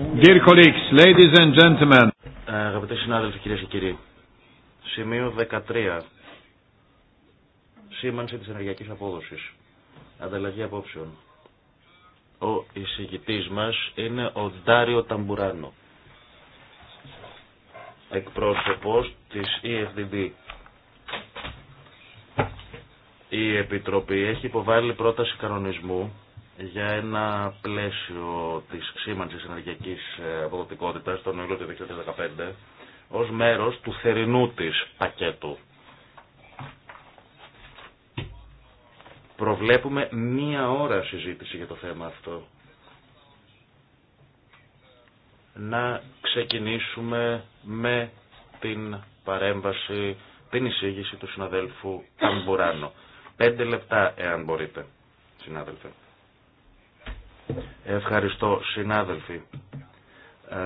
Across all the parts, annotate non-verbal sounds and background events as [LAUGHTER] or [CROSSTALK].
Dear ladies and gentlemen. Αγαπητοί συνάδελφοι, κυρίε και κύριοι. Σημείο 13. Σήμανση τη ενεργειακή απόδοση. Ανταλλαγή απόψεων. Ο εισηγητή μα είναι ο Ντάριο Ταμπουράνο. Εκπρόσωπο τη EFDD. Η Επιτροπή έχει υποβάλει πρόταση κανονισμού για ένα πλαίσιο της σήμανσης ενεργειακής ε, αποδοτικότητας τον Ιούλιο του 2015 ως μέρος του θερινού της πακέτου. Προβλέπουμε μία ώρα συζήτηση για το θέμα αυτό. Να ξεκινήσουμε με την παρέμβαση, την εισήγηση του συναδέλφου Καμπουράνο. Πέντε λεπτά εάν μπορείτε, συνάδελφε. Ευχαριστώ, συνάδελφοι. Ε,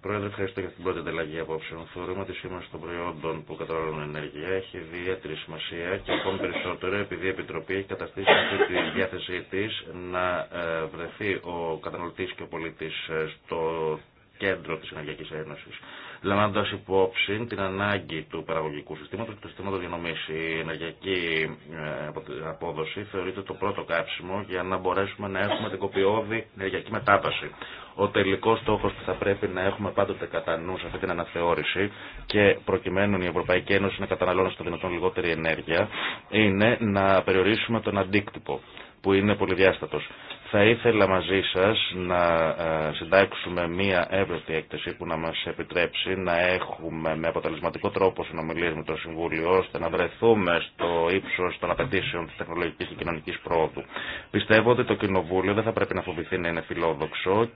πρόεδρε, ευχαριστώ για την πρώτη ανταλλαγή απόψεων. Θεωρούμε ότι η σήμανση των προϊόντων που καταναλώνουν ενέργεια έχει ιδιαίτερη σημασία και ακόμη περισσότερο επειδή η Επιτροπή έχει καταστήσει αυτή τη διάθεσή τη να ε, βρεθεί ο καταναλωτή και ο πολίτη ε, στο κέντρο της Ενεργειακής Ένωσης. Λαμβάνοντα υπόψη την ανάγκη του παραγωγικού συστήματο και του συστήματος διανομής. Η ενεργειακή ε, απόδοση θεωρείται το πρώτο κάψιμο για να μπορέσουμε να έχουμε την κοπιώδη ενεργειακή μετάβαση. Ο τελικός στόχο που θα πρέπει να έχουμε πάντοτε κατά νου σε αυτή την αναθεώρηση και προκειμένου η Ευρωπαϊκή Ένωση να καταναλώνει στο δυνατόν λιγότερη ενέργεια είναι να περιορίσουμε τον αντίκτυπο που είναι πολυδιάστατος. Θα ήθελα μαζί σας να ε, συντάξουμε μία εύρωτη έκθεση που να μας επιτρέψει να έχουμε με αποτελεσματικό τρόπο συνομιλίες με το Συμβούλιο ώστε να βρεθούμε στο ύψος των απαιτήσεων της τεχνολογικής και κοινωνικής πρόοδου. Πιστεύω ότι το Κοινοβούλιο δεν θα πρέπει να φοβηθεί να είναι φιλόδοξο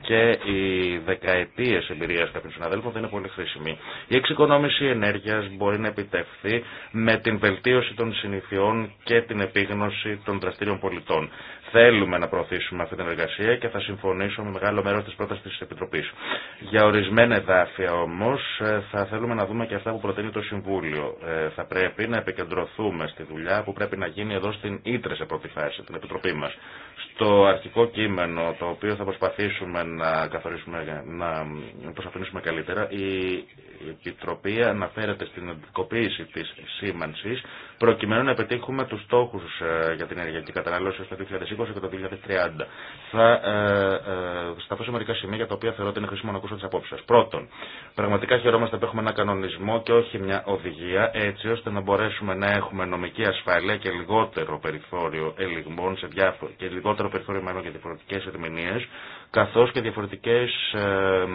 και οι δεκαετίες εμπειρίας κάποιων συναδέλφων θα είναι πολύ χρήσιμοι. Η εξοικονόμηση ενέργειας μπορεί να επιτευχθεί με την βελτίωση των συνηθιών και την επίγνωση των δραστήριων πολιτών. Θέλουμε να προωθήσουμε αυτή την εργασία και θα συμφωνήσω με μεγάλο μέρο τη πρόταση τη Επιτροπή. Για ορισμένα εδάφια όμω ε, θα θέλουμε να δούμε και αυτά που προτείνει το Συμβούλιο. Ε, θα πρέπει να επικεντρωθούμε στη δουλειά που πρέπει να γίνει εδώ στην Ήτρε σε πρώτη φάση, την Επιτροπή μα. Στο αρχικό κείμενο το οποίο θα προσπαθήσουμε να καθορίσουμε, να καλύτερα, η Επιτροπή αναφέρεται στην αντικοποίηση τη σήμανση προκειμένου να πετύχουμε τους στόχους ε, για την ενεργειακή κατανάλωση στο 2020 και το 2030. Θα ε, ε, σταθώ σε μερικά σημεία για τα οποία θεωρώ ότι είναι χρήσιμο να ακούσω τις απόψεις σας. Πρώτον, πραγματικά χαιρόμαστε που έχουμε ένα κανονισμό και όχι μια οδηγία έτσι ώστε να μπορέσουμε να έχουμε νομική ασφάλεια και λιγότερο περιθώριο ελιγμών σε διάφορο και λιγότερο περιθώριο μάλλον για διαφορετικές ερμηνείες καθώς και διαφορετικές ε,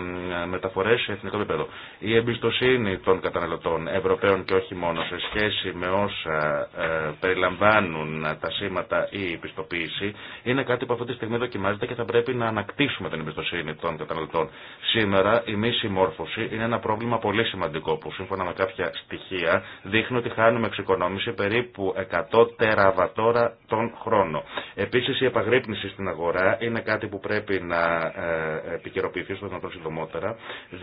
μεταφορές σε εθνικό επίπεδο. Η εμπιστοσύνη των καταναλωτών Ευρωπαίων και όχι μόνο σε σχέση με όσα ε, περιλαμβάνουν τα σήματα ή η πιστοποίηση είναι κάτι που αυτή τη στιγμή δοκιμάζεται και θα πρέπει να ανακτήσουμε την εμπιστοσύνη των καταναλωτών. Σήμερα η μη συμμόρφωση είναι ένα πρόβλημα πολύ σημαντικό που σύμφωνα με κάποια στοιχεία δείχνει ότι χάνουμε εξοικονόμηση περίπου 100 τεραβατόρα τον χρόνο. Επίσης η επαγρύπνηση στην αγορά είναι κάτι που πρέπει να ε, επικαιροποιηθεί στο δυνατόν συντομότερα,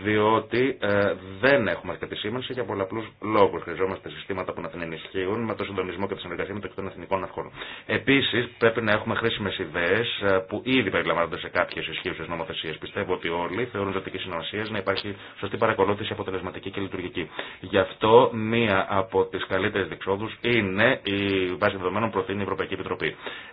διότι ε, δεν έχουμε αρκετή σήμανση για πολλαπλού λόγου. Χρειαζόμαστε συστήματα που να την ενισχύουν με το συντονισμό και τη συνεργασία το των εθνικών αρχών. Επίση, πρέπει να έχουμε χρήσιμε ιδέε ε, που ήδη περιλαμβάνονται σε κάποιε ισχύουσε νομοθεσίε. Πιστεύω ότι όλοι θεωρούν ζωτική συνομασία να υπάρχει σωστή παρακολούθηση αποτελεσματική και λειτουργική. Γι' αυτό μία από τι καλύτερε διεξόδου είναι η βάση δεδομένων προτείνει η Ευρωπαϊκή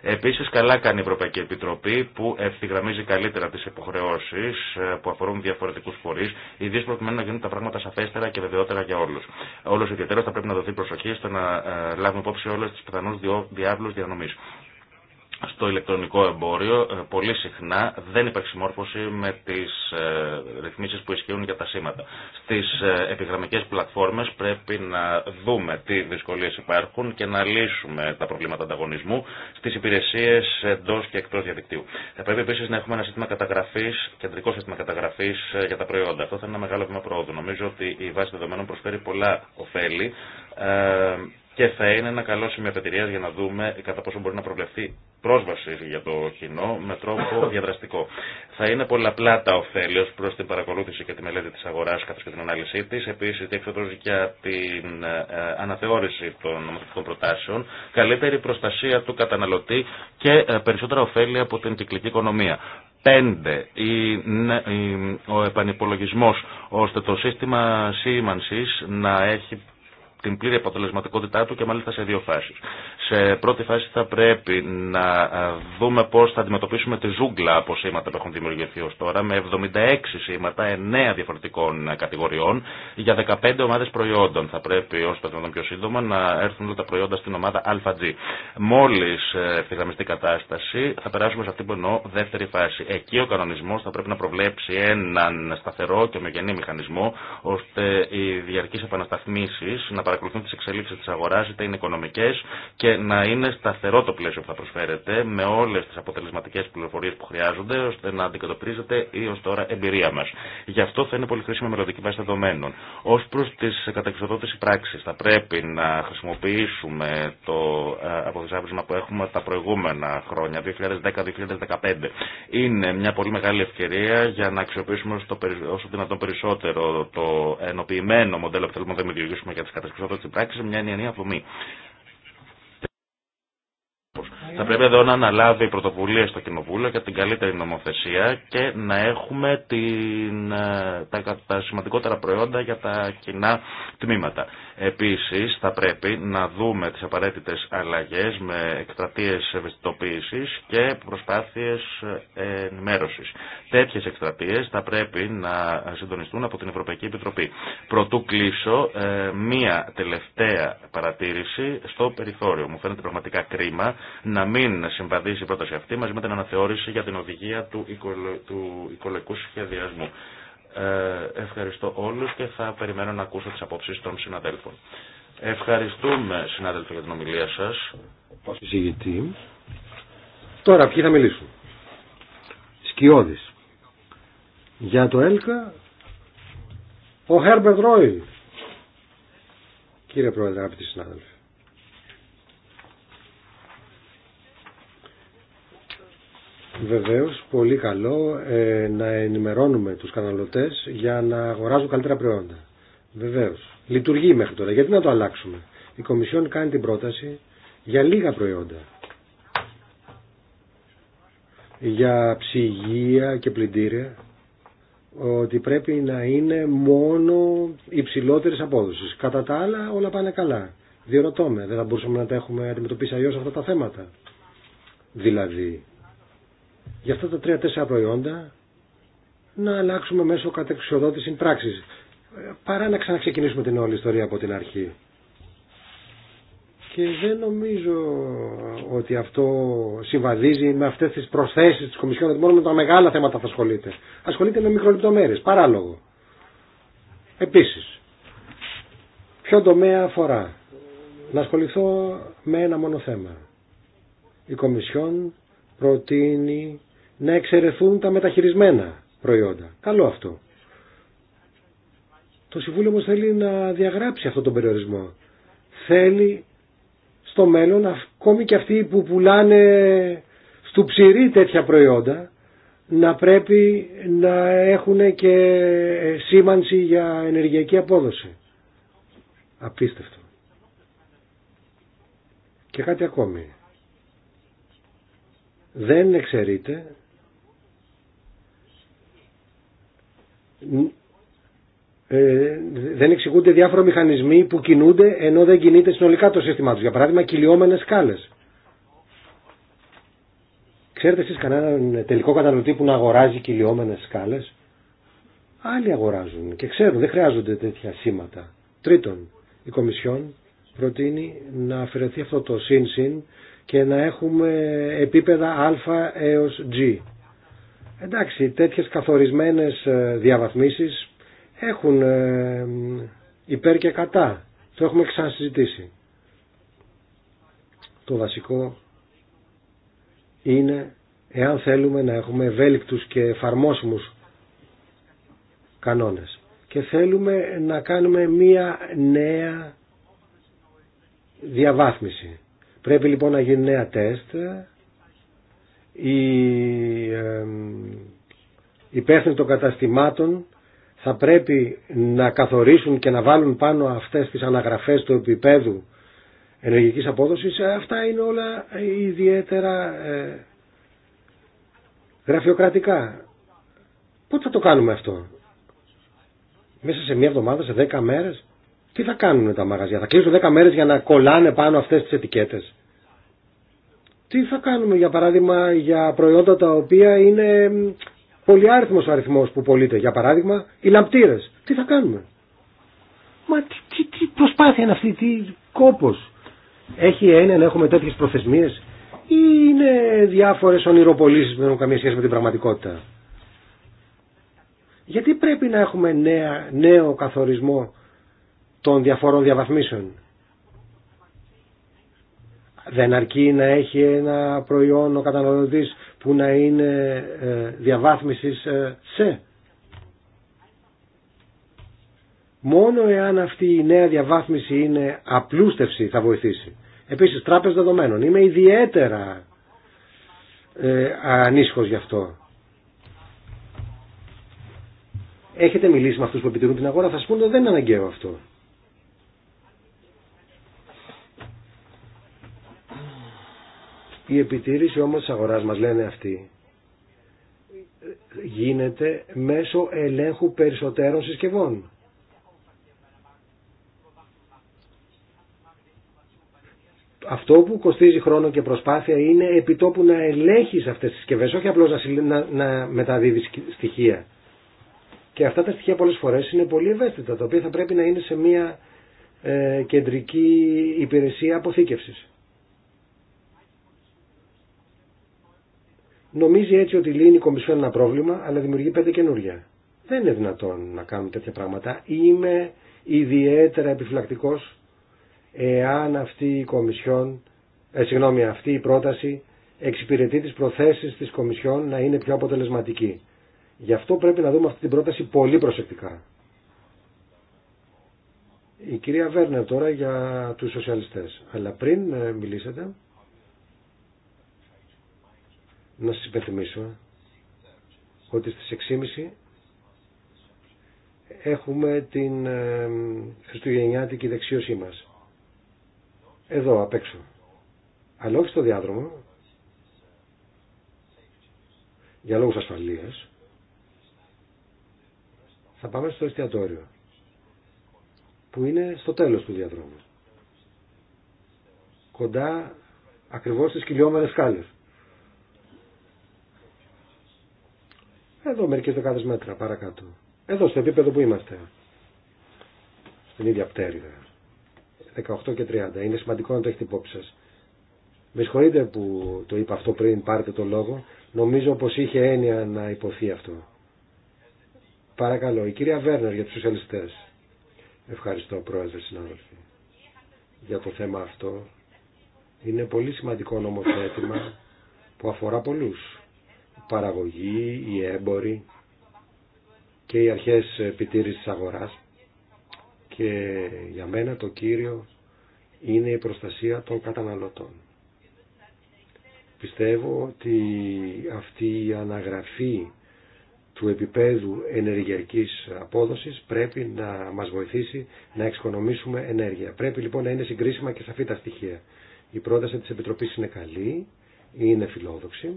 Επίση, καλά κάνει η Ευρωπαϊκή Επιτροπή που ευθυγραμμίζει καλύτερα καλύτερα τι υποχρεώσει ε, που αφορούν διαφορετικού φορεί, ιδίω προκειμένου να γίνουν τα πράγματα σαφέστερα και βεβαιότερα για όλου. Όλο ιδιαίτερο θα πρέπει να δοθεί προσοχή στο να ε, λάβουμε υπόψη όλε τι πιθανού διάβλου διανομή στο ηλεκτρονικό εμπόριο ε, πολύ συχνά δεν υπάρχει συμμόρφωση με τις ε, ρυθμίσεις που ισχύουν για τα σήματα. Στις ε, επιγραμμικές πλατφόρμες πρέπει να δούμε τι δυσκολίες υπάρχουν και να λύσουμε τα προβλήματα ανταγωνισμού στις υπηρεσίες εντός και εκτός διαδικτύου. Θα πρέπει επίσης να έχουμε ένα σύστημα καταγραφής, κεντρικό σύστημα καταγραφής για τα προϊόντα. Αυτό θα είναι ένα μεγάλο βήμα πρόοδου. Νομίζω ότι η βάση δεδομένων προσφέρει πολλά ωφέλη και θα είναι ένα καλό σημείο αφετηρία για να δούμε κατά πόσο μπορεί να προβλεφθεί πρόσβαση για το κοινό με τρόπο [COUGHS] διαδραστικό. Θα είναι πολλαπλά τα ωφέλη ω προ την παρακολούθηση και τη μελέτη τη αγορά καθώ και την ανάλυση τη. Επίση, διέξοδο για την ε, αναθεώρηση των νομοθετικών προτάσεων, καλύτερη προστασία του καταναλωτή και ε, περισσότερα ωφέλη από την κυκλική οικονομία. 5. Ο επανυπολογισμός ώστε το σύστημα σήμανσης να έχει την πλήρη αποτελεσματικότητά του και μάλιστα σε δύο φάσει. Σε πρώτη φάση θα πρέπει να ε, δούμε πώ θα αντιμετωπίσουμε τη ζούγκλα από σήματα που έχουν δημιουργηθεί ω τώρα με 76 σήματα 9 διαφορετικών κατηγοριών για 15 ομάδε προϊόντων. Θα πρέπει όσο το πιο σύντομα να έρθουν τα προϊόντα στην ομάδα ΑΓ. Μόλις ε, ευθυγραμμιστεί κατάσταση θα περάσουμε σε αυτή που εννοώ δεύτερη φάση. Εκεί ο κανονισμό θα πρέπει να προβλέψει έναν σταθερό και ομογενή μηχανισμό ώστε οι διαρκεί επανασταθμίσει παρακολουθούν τι εξελίξει τη αγορά, είτε είναι οικονομικέ και να είναι σταθερό το πλαίσιο που θα προσφέρετε, με όλε τι αποτελεσματικέ πληροφορίε που χρειάζονται ώστε να αντικατοπτρίζεται η ω τώρα εμπειρία μα. Γι' αυτό θα είναι πολύ χρήσιμη μελλοντική βάση δεδομένων. Ω προ τι καταξιδότηση πράξη, θα πρέπει να χρησιμοποιήσουμε το ε, αποθυσάβρισμα που έχουμε τα προηγούμενα χρόνια, 2010-2015. Είναι μια πολύ μεγάλη ευκαιρία για να αξιοποιήσουμε όσο δυνατόν περισσότερο το ενοποιημένο μοντέλο που θέλουμε να δημιουργήσουμε για τι χρηματοδότηση πράξη σε μια ενιαία δομή. Θα πρέπει εδώ να αναλάβει πρωτοβουλία στο Κοινοβούλιο για την καλύτερη νομοθεσία και να έχουμε την, ε, τα, τα σημαντικότερα προϊόντα για τα κοινά τμήματα. Επίσης θα πρέπει να δούμε τις απαραίτητες αλλαγές με εκστρατείες ευαισθητοποίησης και προσπάθειες ε, ενημέρωσης. Τέτοιες εκστρατείες θα πρέπει να συντονιστούν από την Ευρωπαϊκή Επιτροπή. Πρωτού κλείσω ε, μία τελευταία παρατήρηση στο περιθώριο. Μου φαίνεται πραγματικά κρίμα να μην συμβαδίσει η πρόταση αυτή μαζί με την αναθεώρηση για την οδηγία του, οικολο... του οικολογικού σχεδιασμού. Ε, ευχαριστώ όλους και θα περιμένω να ακούσω τις απόψεις των συναδέλφων. Ευχαριστούμε συνάδελφοι για την ομιλία σας. Συζητή. Τώρα ποιοι θα μιλήσουν. Σκιώδης. Για το ΕΛΚΑ ο Χέρμπερ Ρόιλ. Κύριε Πρόεδρε, αγαπητοί συνάδελφοι. Βεβαίως, πολύ καλό ε, να ενημερώνουμε τους καταναλωτέ για να αγοράζουν καλύτερα προϊόντα. Βεβαίως. Λειτουργεί μέχρι τώρα. Γιατί να το αλλάξουμε. Η Κομισιόν κάνει την πρόταση για λίγα προϊόντα. Για ψυγεία και πλυντήρια ότι πρέπει να είναι μόνο υψηλότερη απόδοση. Κατά τα άλλα όλα πάνε καλά. Διερωτώ δεν θα μπορούσαμε να τα έχουμε αντιμετωπίσει αλλιώ αυτά τα θέματα. Δηλαδή, για αυτά τα τρία-τέσσερα προϊόντα να αλλάξουμε μέσω κατεξοδότηση πράξη. παρά να ξαναξεκινήσουμε την όλη ιστορία από την αρχή. Και δεν νομίζω ότι αυτό συμβαδίζει με αυτέ τι προσθέσει τη Κομισιόν, ότι μόνο με τα μεγάλα θέματα θα ασχολείται. Ασχολείται με μικρολεπτομέρειε. Παράλογο. Επίση, ποιο τομέα αφορά. Να ασχοληθώ με ένα μόνο θέμα. Η Κομισιόν προτείνει να εξαιρεθούν τα μεταχειρισμένα προϊόντα. Καλό αυτό. Το Συμβούλιο όμως θέλει να διαγράψει αυτόν τον περιορισμό. Θέλει στο μέλλον ακόμη και αυτοί που πουλάνε στου ψηρή τέτοια προϊόντα να πρέπει να έχουν και σήμανση για ενεργειακή απόδοση. Απίστευτο. Και κάτι ακόμη δεν εξαιρείται ε, δεν εξηγούνται διάφορα μηχανισμοί που κινούνται ενώ δεν κινείται συνολικά το σύστημά τους. Για παράδειγμα, κυλιόμενες σκάλες. Ξέρετε εσείς κανέναν τελικό κατανοητή που να αγοράζει κυλιόμενες σκάλες. Άλλοι αγοράζουν και ξέρουν, δεν χρειάζονται τέτοια σήματα. Τρίτον, η Κομισιόν προτείνει να αφαιρεθεί αυτό το συν-συν και να έχουμε επίπεδα α έως g. Εντάξει, τέτοιες καθορισμένες ε, διαβαθμίσεις έχουν ε, υπέρ και κατά. Το έχουμε ξανασυζητήσει. Το βασικό είναι εάν θέλουμε να έχουμε ευέλικτους και εφαρμόσιμους κανόνες. Και θέλουμε να κάνουμε μία νέα διαβάθμιση. Πρέπει λοιπόν να γίνει νέα τεστ. Οι υπεύθυνοι των καταστημάτων θα πρέπει να καθορίσουν και να βάλουν πάνω αυτές τις αναγραφές του επίπεδου ενεργικής απόδοσης. Ε, αυτά είναι όλα ιδιαίτερα ε, γραφειοκρατικά. Πότε θα το κάνουμε αυτό. Μέσα σε μια εβδομάδα, σε δέκα μέρες. Τι θα κάνουν τα μαγαζιά, θα κλείσουν 10 μέρες για να κολλάνε πάνω αυτές τις ετικέτες. Τι θα κάνουμε για παράδειγμα για προϊόντα τα οποία είναι ο αριθμός που πωλείται. Για παράδειγμα οι λαμπτήρες. Τι θα κάνουμε. Μα τι, τι, τι προσπάθεια είναι αυτή, τι κόπος. Έχει έννοια να έχουμε τέτοιες προθεσμίες ή είναι διάφορες ονειροπολίσεις που δεν έχουν καμία σχέση με την πραγματικότητα. Γιατί πρέπει να έχουμε νέα, νέο καθορισμό των διαφόρων διαβαθμίσεων. Δεν αρκεί να έχει ένα προϊόν ο καταναλωτής που να είναι ε, διαβάθμισης ε, σε. Μόνο εάν αυτή η νέα διαβάθμιση είναι απλούστευση θα βοηθήσει. Επίσης τράπεζα δεδομένων. Είμαι ιδιαίτερα ε, ανήσυχος γι' αυτό. Έχετε μιλήσει με αυτούς που επιτηρούν την αγορά, θα σας πούνε ότι δεν είναι αναγκαίο αυτό. Η επιτήρηση όμως της αγοράς μας λένε αυτοί γίνεται μέσω ελέγχου περισσότερων συσκευών. Αυτό που κοστίζει χρόνο και προσπάθεια είναι επιτόπου να ελέγχεις αυτές τις συσκευές, όχι απλώς να, να μεταδίδεις στοιχεία. Και αυτά τα στοιχεία πολλές φορές είναι πολύ ευαίσθητα, τα οποία θα πρέπει να είναι σε μια ε, κεντρική υπηρεσία αποθήκευσης. Νομίζει έτσι ότι λύνει η Κομισιόν ένα πρόβλημα, αλλά δημιουργεί πέντε καινούρια. Δεν είναι δυνατόν να κάνουμε τέτοια πράγματα. Είμαι ιδιαίτερα επιφυλακτικό εάν αυτή η Κομισιόν, ε, αυτή η πρόταση εξυπηρετεί τις προθέσεις της Κομισιόν να είναι πιο αποτελεσματική. Γι' αυτό πρέπει να δούμε αυτή την πρόταση πολύ προσεκτικά. Η κυρία Βέρνερ τώρα για τους σοσιαλιστές. Αλλά πριν ε, μιλήσετε να σας υπενθυμίσω ότι στις 6.30 έχουμε την ε, χριστουγεννιάτικη δεξίωσή μας. Εδώ, απ' έξω. Αλλά όχι στο διάδρομο. Για λόγους ασφαλείας. Θα πάμε στο εστιατόριο. Που είναι στο τέλος του διαδρόμου. Κοντά ακριβώς στις κυλιόμενες σκάλες. Εδώ μερικές δεκάδες μέτρα παρακάτω. Εδώ στο επίπεδο που είμαστε. Στην ίδια πτέρυγα. 18 και 30. Είναι σημαντικό να το έχετε υπόψη σας. Με συγχωρείτε που το είπα αυτό πριν πάρετε το λόγο. Νομίζω πως είχε έννοια να υποθεί αυτό. Παρακαλώ, η κυρία Βέρνερ για τους σοσιαλιστές. Ευχαριστώ πρόεδρε συνάδελφοι για το θέμα αυτό. Είναι πολύ σημαντικό νομοθέτημα που αφορά πολλούς παραγωγή, οι έμποροι και οι αρχές επιτήρησης αγοράς και για μένα το κύριο είναι η προστασία των καταναλωτών. Πιστεύω ότι αυτή η αναγραφή του επίπεδου ενεργειακής απόδοσης πρέπει να μας βοηθήσει να εξοικονομήσουμε ενέργεια. Πρέπει λοιπόν να είναι συγκρίσιμα και σαφή τα στοιχεία. Η πρόταση της Επιτροπής είναι καλή, είναι φιλόδοξη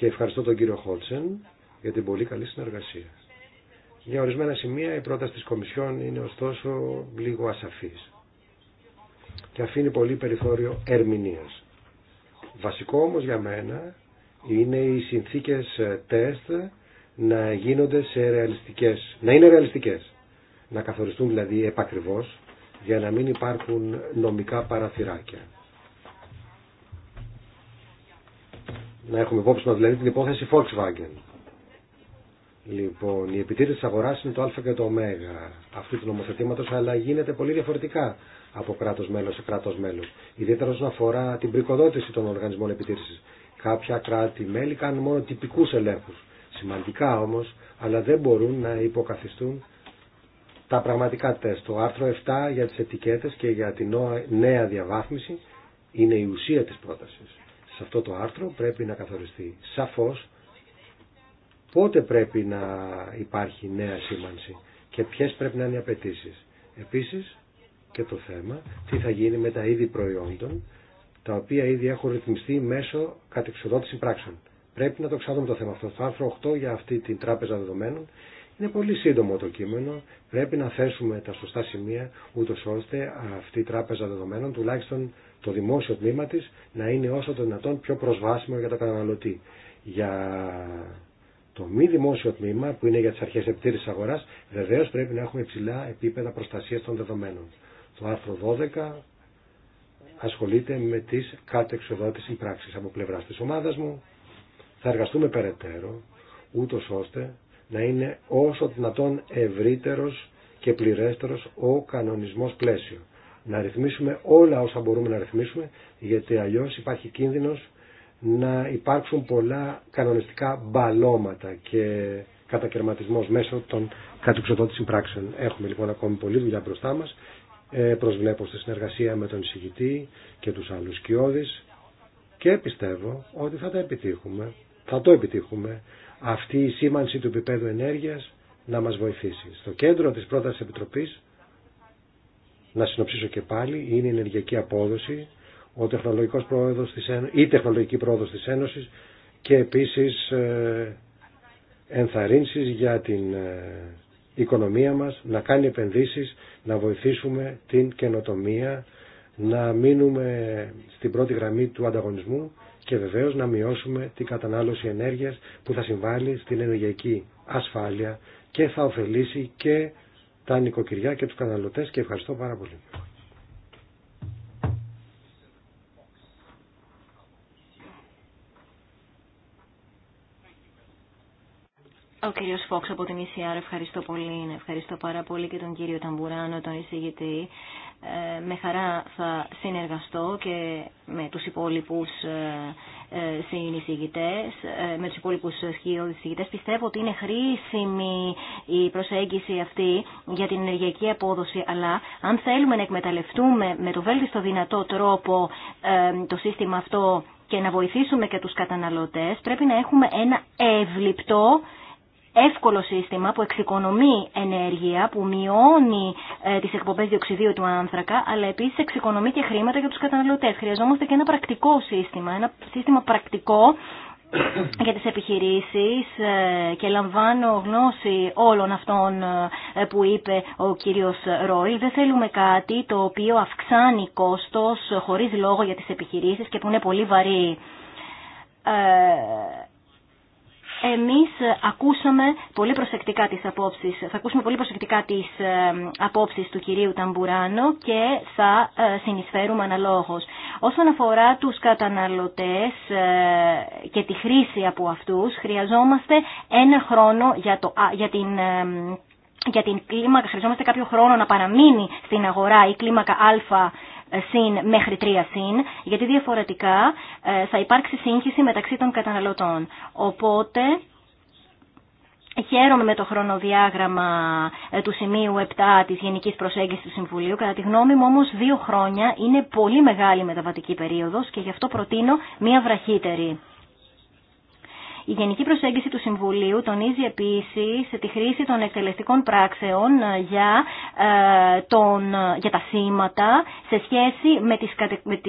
και ευχαριστώ τον κύριο Χόλτσεν για την πολύ καλή συνεργασία. Για ορισμένα σημεία η πρόταση της Κομισιόν είναι ωστόσο λίγο ασαφής και αφήνει πολύ περιθώριο ερμηνείας. Βασικό όμως για μένα είναι οι συνθήκες ε, τεστ να γίνονται σε ρεαλιστικές, να είναι ρεαλιστικές, να καθοριστούν δηλαδή επακριβώς για να μην υπάρχουν νομικά παραθυράκια. να έχουμε υπόψη μα δηλαδή την υπόθεση Volkswagen. Λοιπόν, η επιτήρηση τη αγορά είναι το α και το ω αυτού του νομοθετήματο, αλλά γίνεται πολύ διαφορετικά από κράτο μέλο σε κρατό μέλο. Ιδιαίτερα όσον αφορά την πρικοδότηση των οργανισμων επιτήρηση. επιτήρησης. Κάποια κράτη-μέλη κάνουν μόνο τυπικού ελέγχου. Σημαντικά όμω, αλλά δεν μπορούν να υποκαθιστούν τα πραγματικά τεστ. Το άρθρο 7 για τι ετικέτε και για τη νέα διαβάθμιση είναι η ουσία τη πρόταση σε αυτό το άρθρο πρέπει να καθοριστεί σαφώς πότε πρέπει να υπάρχει νέα σήμανση και ποιες πρέπει να είναι οι απαιτήσει. Επίσης και το θέμα τι θα γίνει με τα είδη προϊόντων τα οποία ήδη έχουν ρυθμιστεί μέσω κατεξοδότηση πράξεων. Πρέπει να το ξαναδούμε το θέμα αυτό. Στο άρθρο 8 για αυτή την τράπεζα δεδομένων είναι πολύ σύντομο το κείμενο. Πρέπει να θέσουμε τα σωστά σημεία, ούτω ώστε αυτή η τράπεζα δεδομένων, τουλάχιστον το δημόσιο τμήμα τη, να είναι όσο το δυνατόν πιο προσβάσιμο για τα καταναλωτή. Για το μη δημόσιο τμήμα, που είναι για τι αρχέ επιτήρηση αγορά, βεβαίω πρέπει να έχουμε υψηλά επίπεδα προστασία των δεδομένων. Το άρθρο 12 ασχολείται με τις κάτεξοδότης πράξεις από πλευράς της ομάδας μου. Θα εργαστούμε περαιτέρω, ούτω ώστε να είναι όσο δυνατόν ευρύτερος και πληρέστερος ο κανονισμός πλαίσιο. Να ρυθμίσουμε όλα όσα μπορούμε να ρυθμίσουμε, γιατί αλλιώς υπάρχει κίνδυνος να υπάρξουν πολλά κανονιστικά μπαλώματα και κατακαιρματισμός μέσω των κατουξοδότησης συμπράξεων. Έχουμε λοιπόν ακόμη πολλή δουλειά μπροστά μας. Ε, προσβλέπω στη συνεργασία με τον εισηγητή και τους άλλους κοιόδης και πιστεύω ότι θα τα επιτύχουμε, θα το επιτύχουμε αυτή η σήμανση του επίπεδου ενέργειας να μας βοηθήσει. Στο κέντρο της πρότασης Επιτροπής, να συνοψίσω και πάλι, είναι η ενεργειακή απόδοση, ο η τεχνολογική πρόοδος της Ένωσης και επίσης ε, ενθαρρύνσεις για την ε, οικονομία μας, να κάνει επενδύσεις, να βοηθήσουμε την καινοτομία, να μείνουμε στην πρώτη γραμμή του ανταγωνισμού και βεβαίως να μειώσουμε την κατανάλωση ενέργειας που θα συμβάλλει στην ενεργειακή ασφάλεια και θα ωφελήσει και τα νοικοκυριά και τους καταναλωτές και ευχαριστώ πάρα πολύ. Ο κύριο Φόξ από την ECR, ευχαριστώ πολύ. Ευχαριστώ πάρα πολύ και τον κύριο Ταμπουράνο, τον εισηγητή. Ε, με χαρά θα συνεργαστώ και με τους υπόλοιπους ε, ε, συνεισηγητές, με τους υπόλοιπους συνεισηγητές. Πιστεύω ότι είναι χρήσιμη η προσέγγιση αυτή για την ενεργειακή απόδοση, αλλά αν θέλουμε να εκμεταλλευτούμε με το βέλτιστο δυνατό τρόπο το σύστημα αυτό και να βοηθήσουμε και τους καταναλωτές, πρέπει να έχουμε ένα εύληπτο εύκολο σύστημα που εξοικονομεί ενέργεια, που μειώνει ε, τις εκπομπές διοξιδίου του άνθρακα, αλλά επίσης εξοικονομεί και χρήματα για τους καταναλωτές. Χρειαζόμαστε και ένα πρακτικό σύστημα, ένα σύστημα πρακτικό [COUGHS] για τις επιχειρήσεις ε, και λαμβάνω γνώση όλων αυτών ε, που είπε ο κύριος Ρόιλ. Δεν θέλουμε κάτι το οποίο αυξάνει κόστος χωρίς λόγο για τις επιχειρήσεις και που είναι πολύ βαρύ. Εμείς ακούσαμε πολύ προσεκτικά τις απόψεις, θα ακούσουμε πολύ προσεκτικά τις ε, απόψεις του κυρίου Ταμπουράνο και θα ε, συνεισφέρουμε αναλόγως. Όσον αφορά τους καταναλωτές ε, και τη χρήση από αυτούς, χρειαζόμαστε ένα χρόνο για, το, για την για την κλίμακα χρειαζόμαστε κάποιο χρόνο να παραμείνει στην αγορά η κλίμακα α συν μέχρι τρία συν, γιατί διαφορετικά ε, θα υπάρξει σύγχυση μεταξύ των καταναλωτών. Οπότε Χαίρομαι με το χρονοδιάγραμμα ε, του σημείου 7 της Γενικής Προσέγγισης του Συμβουλίου. Κατά τη γνώμη μου όμως δύο χρόνια είναι πολύ μεγάλη μεταβατική περίοδος και γι' αυτό προτείνω μία βραχύτερη. Η γενική προσέγγιση του Συμβουλίου τονίζει επίσης τη χρήση των εκτελεστικών πράξεων ε, για, ε, τον, ε, για τα σήματα σε σχέση με τις, κατε, με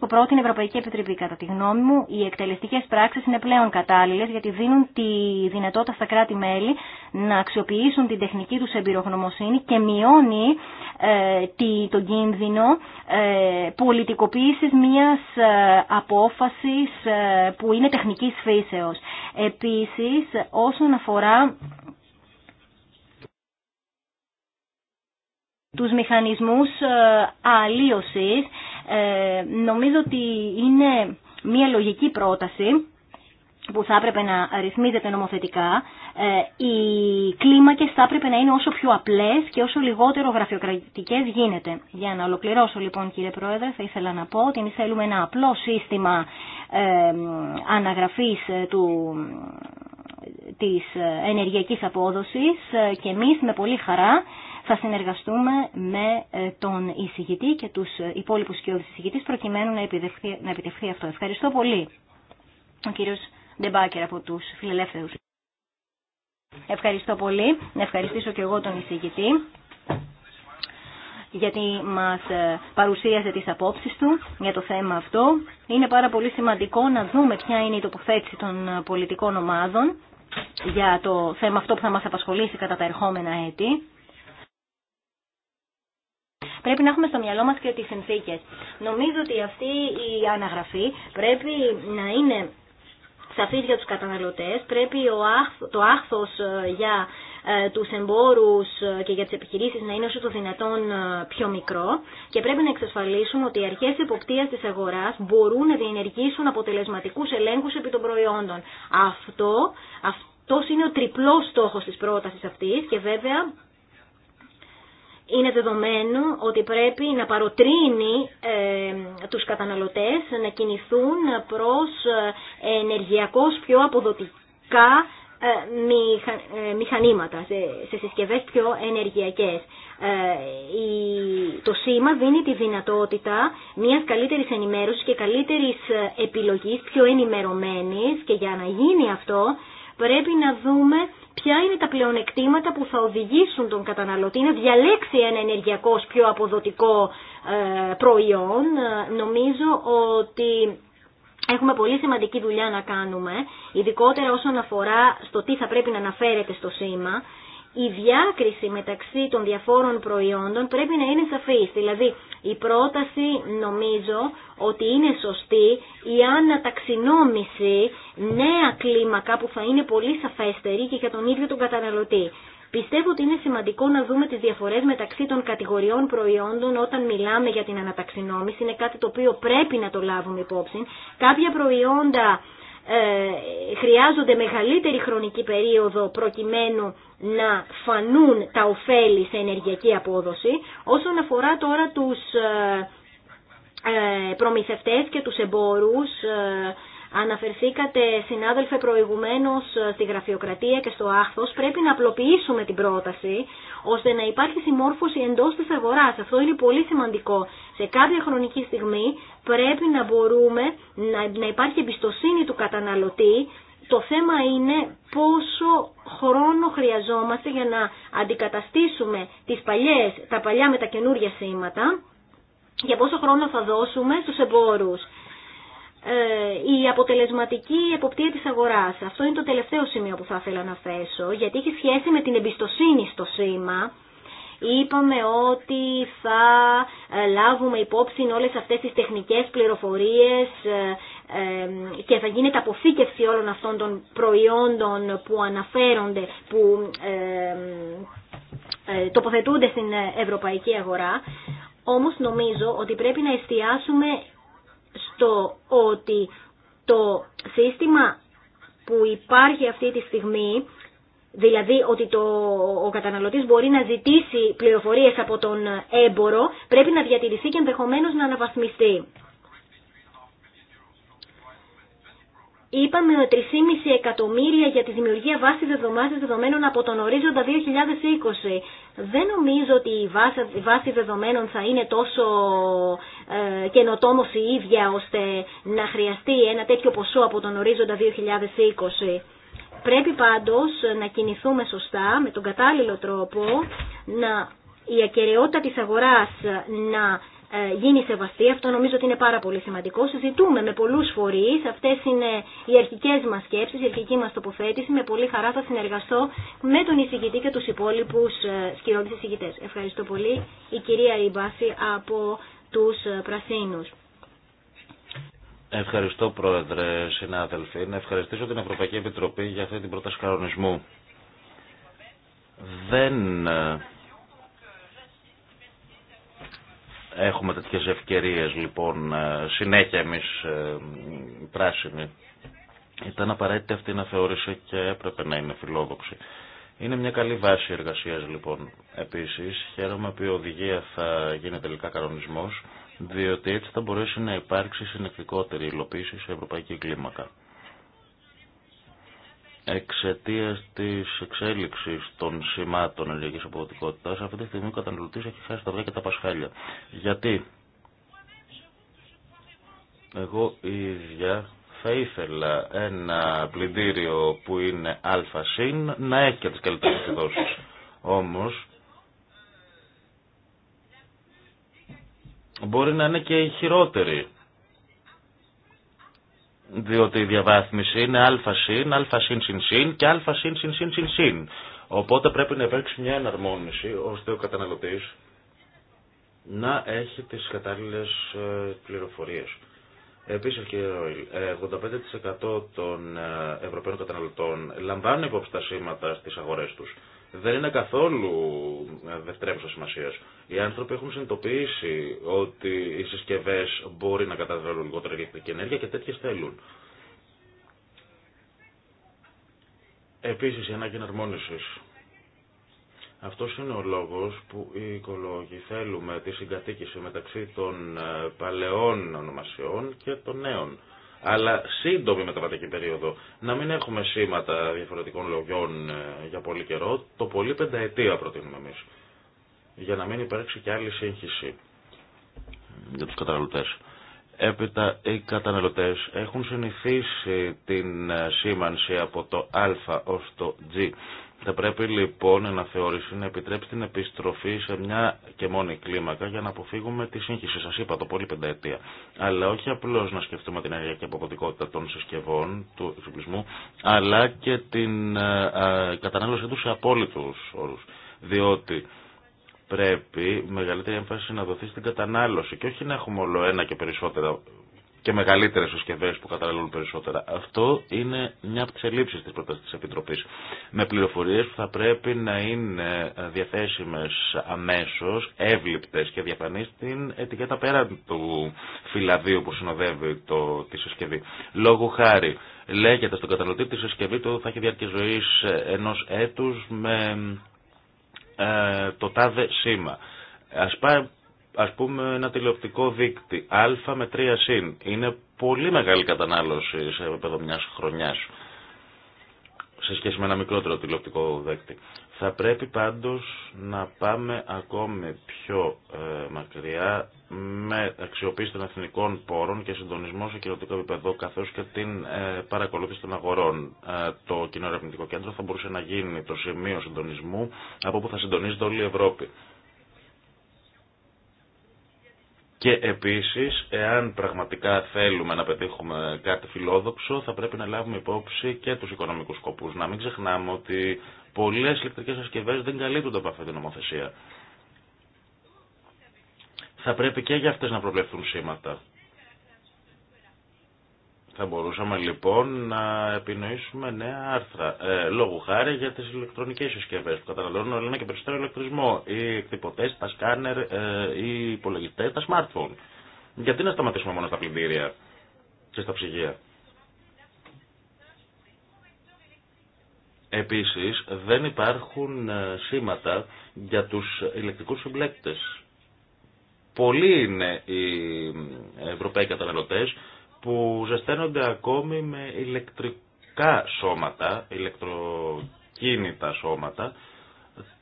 που πρότεινε η Ευρωπαϊκή Επιτροπή. Κατά τη γνώμη μου, οι εκτελεστικές πράξεις είναι πλέον κατάλληλες γιατί δίνουν τη δυνατότητα στα κράτη-μέλη να αξιοποιήσουν την τεχνική τους εμπειρογνωμοσύνη και μειώνει τη, τον κίνδυνο ε, πολιτικοποίησης μιας απόφασης που είναι τεχνική της Επίσης, όσον αφορά τους μηχανισμούς ε, αλλίωσης, ε, νομίζω ότι είναι μια λογική πρόταση που θα έπρεπε να ρυθμίζεται νομοθετικά, οι ε, κλίμακες θα έπρεπε να είναι όσο πιο απλές και όσο λιγότερο γραφειοκρατικές γίνεται. Για να ολοκληρώσω λοιπόν κύριε Πρόεδρε, θα ήθελα να πω ότι θέλουμε ένα απλό σύστημα ε, αναγραφής ε, του της ενεργειακής απόδοσης και εμείς με πολύ χαρά θα συνεργαστούμε με τον εισηγητή και τους υπόλοιπους και εισηγητής προκειμένου να επιτευχθεί, αυτό. Ευχαριστώ πολύ. Ο κύριος Ντεμπάκερ από τους Ευχαριστώ πολύ. Να ευχαριστήσω και εγώ τον εισηγητή γιατί μας ε, παρουσίασε τις απόψεις του για το θέμα αυτό. Είναι πάρα πολύ σημαντικό να δούμε ποια είναι η τοποθέτηση των πολιτικών ομάδων για το θέμα αυτό που θα μας απασχολήσει κατά τα ερχόμενα έτη. Πρέπει να έχουμε στο μυαλό μας και τις συνθήκες. Νομίζω ότι αυτή η αναγραφή πρέπει να είναι σαφής για τους καταναλωτές, πρέπει το άχθος ε, για ε, τους εμπόρους ε, και για τις επιχειρήσεις να είναι όσο το δυνατόν πιο μικρό και πρέπει να εξασφαλίσουν ότι οι αρχές εποπτείας της αγοράς μπορούν να διενεργήσουν αποτελεσματικούς ελέγχους επί των προϊόντων. Αυτό, αυτός είναι ο τριπλός στόχος της πρότασης αυτής και βέβαια είναι δεδομένο ότι πρέπει να παροτρύνει ε, τους καταναλωτές να κινηθούν προς ε, ενεργειακώς πιο αποδοτικά ε, μηχανήματα, σε συσκευές πιο ενεργειακές. Το σήμα δίνει τη δυνατότητα μιας καλύτερης ενημέρωσης και καλύτερης επιλογής, πιο ενημερωμένης και για να γίνει αυτό πρέπει να δούμε ποια είναι τα πλεονεκτήματα που θα οδηγήσουν τον καταναλωτή να διαλέξει ένα ενεργειακό πιο αποδοτικό ε, προϊόν. Ε, νομίζω ότι Έχουμε πολύ σημαντική δουλειά να κάνουμε, ειδικότερα όσον αφορά στο τι θα πρέπει να αναφέρεται στο σήμα η διάκριση μεταξύ των διαφόρων προϊόντων πρέπει να είναι σαφής. Δηλαδή η πρόταση νομίζω ότι είναι σωστή η αναταξινόμηση νέα κλίμακα που θα είναι πολύ σαφέστερη και για τον ίδιο τον καταναλωτή. Πιστεύω ότι είναι σημαντικό να δούμε τις διαφορές μεταξύ των κατηγοριών προϊόντων όταν μιλάμε για την αναταξινόμηση. Είναι κάτι το οποίο πρέπει να το λάβουμε υπόψη. Κάποια προϊόντα ε, χρειάζονται μεγαλύτερη χρονική περίοδο προκειμένου να φανούν τα ωφέλη σε ενεργειακή απόδοση. Όσον αφορά τώρα τους ε, ε, προμηθευτές και τους εμπόρους Αναφερθήκατε, συνάδελφε, προηγουμένω στη γραφειοκρατία και στο άχθος. Πρέπει να απλοποιήσουμε την πρόταση, ώστε να υπάρχει συμμόρφωση εντός τη αγορά. Αυτό είναι πολύ σημαντικό. Σε κάποια χρονική στιγμή πρέπει να μπορούμε να υπάρχει εμπιστοσύνη του καταναλωτή, το θέμα είναι πόσο χρόνο χρειαζόμαστε για να αντικαταστήσουμε τις παλιές, τα παλιά με τα καινούργια σήματα και πόσο χρόνο θα δώσουμε στους εμπόρους. Ε, η αποτελεσματική εποπτεία της αγοράς. Αυτό είναι το τελευταίο σημείο που θα ήθελα να θέσω, γιατί έχει σχέση με την εμπιστοσύνη στο σήμα. Είπαμε ότι θα ε, λάβουμε υπόψη όλες αυτές τις τεχνικές πληροφορίες ε, και θα γίνεται αποθήκευση όλων αυτών των προϊόντων που αναφέρονται, που τοποθετούνται στην ευρωπαϊκή αγορά. Όμως νομίζω ότι πρέπει να εστιάσουμε στο ότι το σύστημα που υπάρχει αυτή τη στιγμή, δηλαδή ότι το, ο καταναλωτής μπορεί να ζητήσει πληροφορίες από τον έμπορο, πρέπει να διατηρηθεί και ενδεχομένως να αναβαθμιστεί. είπαμε 3,5 εκατομμύρια για τη δημιουργία βάσης δεδομάτων δεδομένων από τον ορίζοντα 2020. Δεν νομίζω ότι η βάση, βάση δεδομένων θα είναι τόσο ε, καινοτόμος η ίδια ώστε να χρειαστεί ένα τέτοιο ποσό από τον ορίζοντα 2020. Πρέπει πάντως να κινηθούμε σωστά, με τον κατάλληλο τρόπο, να η ακεραιότητα της αγοράς να ε, γίνει σεβαστή. Αυτό νομίζω ότι είναι πάρα πολύ σημαντικό. Συζητούμε με πολλού φορεί αυτέ είναι οι αρχικέ μα σκέψει, η αρχική μα τοποθέτηση. Με πολύ χαρά θα συνεργαστώ με τον εισηγητή και τους υπόλοιπους ε, σκυρώδει εισηγητέ. Ευχαριστώ πολύ. Η κυρία Ιμπάση από τους ε, πράσινου. Ευχαριστώ Πρόεδρε, συνάδελφοι. Να ευχαριστήσω την Ευρωπαϊκή Επιτροπή για αυτή την πρόταση κανονισμού. Δεν Έχουμε τέτοιες ευκαιρίες λοιπόν ε, συνέχεια εμείς ε, πράσινοι. Ήταν απαραίτητη αυτή να θεώρησε και έπρεπε να είναι φιλόδοξη. Είναι μια καλή βάση εργασίας λοιπόν. Επίσης χαίρομαι που η οδηγία θα γίνει τελικά κανονισμό, διότι έτσι θα μπορέσει να υπάρξει συνεχικότερη υλοποίηση σε ευρωπαϊκή κλίμακα. Εξαιτία τη εξέλιξη των σημάτων ελληνική αποδοτικότητα, αυτή τη στιγμή ο καταναλωτή έχει χάσει τα βράδια και τα πασχάλια. Γιατί εγώ η ίδια θα ήθελα ένα πλυντήριο που είναι α συν να έχει και τι καλύτερε επιδόσει. Όμω, μπορεί να είναι και η χειρότερη διότι η διαβάθμιση είναι α συν, α συν συν συν και α συν συν συν συν Οπότε πρέπει να υπάρξει μια εναρμόνιση ώστε ο καταναλωτής να έχει τις κατάλληλες ε, πληροφορίες. Επίσης κύριε Ρόιλ, 85% ε, των ε, Ευρωπαίων καταναλωτών λαμβάνουν υπόψη τα σήματα στις αγορές τους δεν είναι καθόλου ε, δευτερεύουσα σημασία. Οι άνθρωποι έχουν συνειδητοποιήσει ότι οι συσκευέ μπορεί να καταναλώνουν λιγότερη ηλεκτρική ενέργεια και τέτοιε θέλουν. Επίση η ανάγκη εναρμόνιση. Αυτό είναι ο λόγο που οι οικολόγοι θέλουμε τη συγκατοίκηση μεταξύ των ε, παλαιών ονομασιών και των νέων αλλά σύντομη μεταβατική περίοδο. Να μην έχουμε σήματα διαφορετικών λογιών ε, για πολύ καιρό, το πολύ πενταετία προτείνουμε εμεί. Για να μην υπάρξει και άλλη σύγχυση ε, για του καταναλωτέ. Έπειτα οι καταναλωτέ έχουν συνηθίσει την ε, σήμανση από το Α ω το G θα πρέπει λοιπόν να αναθεώρηση να επιτρέψει την επιστροφή σε μια και μόνη κλίμακα για να αποφύγουμε τη σύγχυση. Σα είπα το πολύ πενταετία. Αλλά όχι απλώ να σκεφτούμε την ενεργειακή αποδοτικότητα των συσκευών, του εξοπλισμού, αλλά και την ε, ε, κατανάλωσή του σε απόλυτου όρου. Διότι πρέπει μεγαλύτερη έμφαση να δοθεί στην κατανάλωση και όχι να έχουμε όλο ένα και περισσότερα και μεγαλύτερε συσκευέ που καταναλώνουν περισσότερα. Αυτό είναι μια από τι ελλείψει τη πρόταση τη Επιτροπή. Με πληροφορίε που θα πρέπει να είναι διαθέσιμε αμέσω, εύληπτε και διαφανεί στην ετικέτα πέραν του φυλαδίου που συνοδεύει το, τη συσκευή. Λόγου χάρη, λέγεται στον καταναλωτή τη συσκευή του θα έχει διάρκεια ζωή ενό έτου με ε, το τάδε σήμα. Α ας πούμε ένα τηλεοπτικό δίκτυ α με 3 συν είναι πολύ μεγάλη κατανάλωση σε επίπεδο μιας χρονιάς σε σχέση με ένα μικρότερο τηλεοπτικό δίκτυ. Θα πρέπει πάντως να πάμε ακόμη πιο ε, μακριά με αξιοποίηση των εθνικών πόρων και συντονισμό σε κοινωτικό επίπεδο καθώς και την ε, παρακολούθηση των αγορών. Ε, το κοινό ερευνητικό κέντρο θα μπορούσε να γίνει το σημείο συντονισμού από όπου θα συντονίζεται όλη η Ευρώπη. Και επίσης, εάν πραγματικά θέλουμε να πετύχουμε κάτι φιλόδοξο, θα πρέπει να λάβουμε υπόψη και τους οικονομικούς σκοπούς. Να μην ξεχνάμε ότι πολλές ηλεκτρικές ασκευές δεν καλύπτουν από αυτή την νομοθεσία. Θα πρέπει και για αυτές να προβλεφθούν σήματα. Θα μπορούσαμε λοιπόν να επινοήσουμε νέα άρθρα. Ε, λόγου χάρη για τι ηλεκτρονικέ συσκευέ που καταναλώνουν όλο και περισσότερο ηλεκτρισμό. Οι εκτυπωτέ, τα σκάνερ, ε, οι υπολογιστέ, τα smartphone. Γιατί να σταματήσουμε μόνο στα πλυντήρια και στα ψυγεία. Επίσης δεν υπάρχουν ε, σήματα για τους ηλεκτρικούς συμπλέκτες. Πολλοί είναι οι ε, Ευρωπαίοι καταναλωτές που ζεσταίνονται ακόμη με ηλεκτρικά σώματα, ηλεκτροκίνητα σώματα,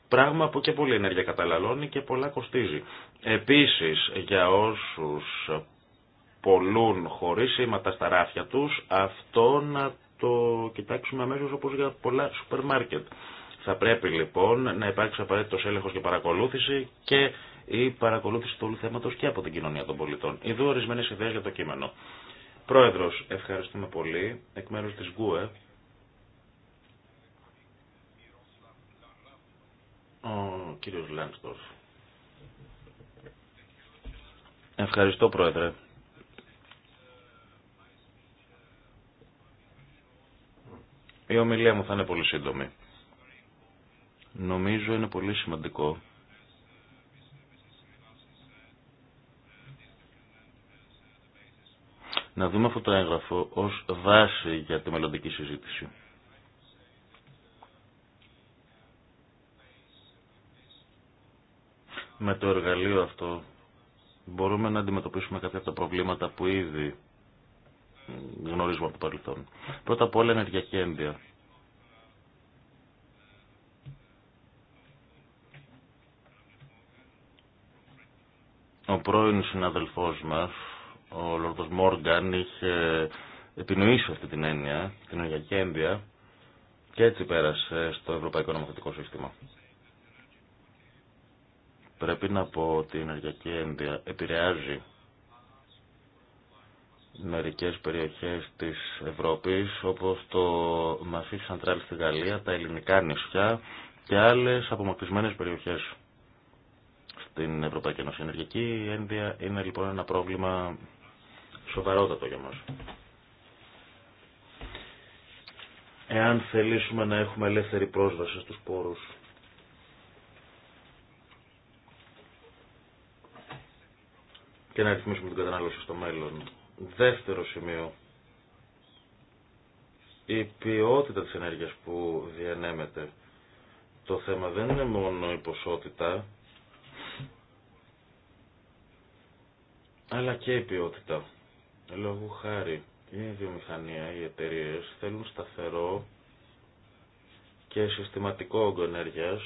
πράγμα που και πολύ ενέργεια καταλαλώνει και πολλά κοστίζει. Επίσης, για όσους πολλούν χωρίς σήματα στα ράφια τους, αυτό να το κοιτάξουμε αμέσως όπως για πολλά σούπερ μάρκετ. Θα πρέπει λοιπόν να υπάρξει απαραίτητο έλεγχο και παρακολούθηση και η παρακολούθηση του όλου θέματο και από την κοινωνία των πολιτών. Ιδού ορισμένε ιδέε για το κείμενο. Πρόεδρος, ευχαριστούμε πολύ. Εκ μέρους της ΓΚΟΕ, ο κύριος Λάνστορφ. Ευχαριστώ, Πρόεδρε. Η ομιλία μου θα είναι πολύ σύντομη. Νομίζω είναι πολύ σημαντικό να δούμε αυτό το έγγραφο ως βάση για τη μελλοντική συζήτηση. Με το εργαλείο αυτό μπορούμε να αντιμετωπίσουμε κάποια από τα προβλήματα που ήδη γνωρίζουμε από το παρελθόν. Πρώτα απ' όλα ενεργειακή ένδυα. Ο πρώην συναδελφός μας, ο Λόρδος Μόργαν είχε επινοήσει αυτή την έννοια, την ενεργειακή ένδυα, και έτσι πέρασε στο Ευρωπαϊκό Νομοθετικό Σύστημα. Πρέπει να πω ότι η ενεργειακή ένδυα επηρεάζει μερικές περιοχές της Ευρώπης, όπως το Μασί Σαντράλ στη Γαλλία, τα ελληνικά νησιά και άλλες απομακρυσμένες περιοχές στην Ευρωπαϊκή Ένωση. Η ενεργειακή ένδυα είναι λοιπόν ένα πρόβλημα Σοβαρότατο για μας Εάν θελήσουμε να έχουμε ελεύθερη πρόσβαση στους πόρους και να ρυθμίσουμε την κατανάλωση στο μέλλον. Δεύτερο σημείο. Η ποιότητα της ενέργειας που διανέμεται. Το θέμα δεν είναι μόνο η ποσότητα, αλλά και η ποιότητα. Λόγω χάρη, η βιομηχανία, οι εταιρείε θέλουν σταθερό και συστηματικό όγκο ενέργειας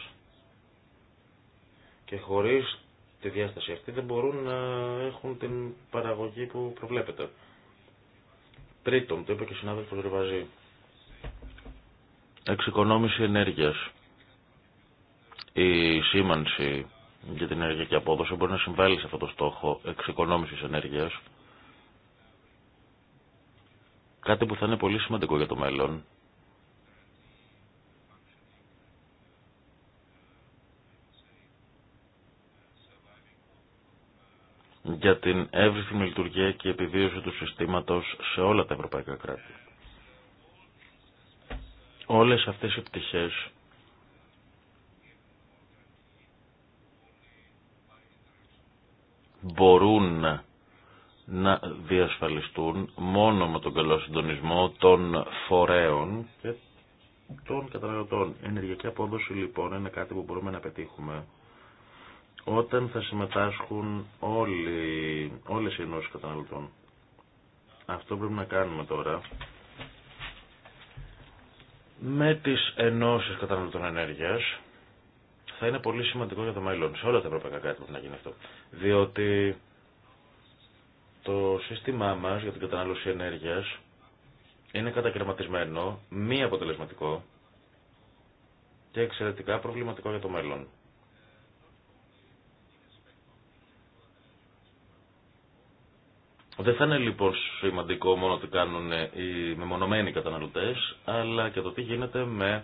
και χωρί τη διάσταση αυτή δεν μπορούν να έχουν την παραγωγή που προβλέπεται. Τρίτον, το είπε και ο συνάδελφο Ριβαζή, εξοικονόμηση ενέργεια. Η σήμανση για την ενεργειακή απόδοση μπορεί να συμβάλλει σε αυτό το στόχο εξοικονόμηση ενέργεια. Κάτι που θα είναι πολύ σημαντικό για το μέλλον. για την εύρυθμη λειτουργία και επιβίωση του συστήματος σε όλα τα ευρωπαϊκά κράτη. Όλες αυτές οι πτυχές μπορούν να διασφαλιστούν μόνο με τον καλό συντονισμό των φορέων και των καταναλωτών. Η ενεργειακή απόδοση λοιπόν είναι κάτι που μπορούμε να πετύχουμε όταν θα συμμετάσχουν όλοι, όλες οι ενώσεις καταναλωτών. Αυτό πρέπει να κάνουμε τώρα με τις ενώσεις καταναλωτών ενέργειας θα είναι πολύ σημαντικό για το μέλλον. Σε όλα τα ευρωπαϊκά κράτη πρέπει να γίνει αυτό. Διότι το σύστημά μας για την κατανάλωση ενέργειας είναι κατακαιρματισμένο, μη αποτελεσματικό και εξαιρετικά προβληματικό για το μέλλον. Δεν θα είναι λοιπόν σημαντικό μόνο τι κάνουν οι μεμονωμένοι καταναλωτές, αλλά και το τι γίνεται με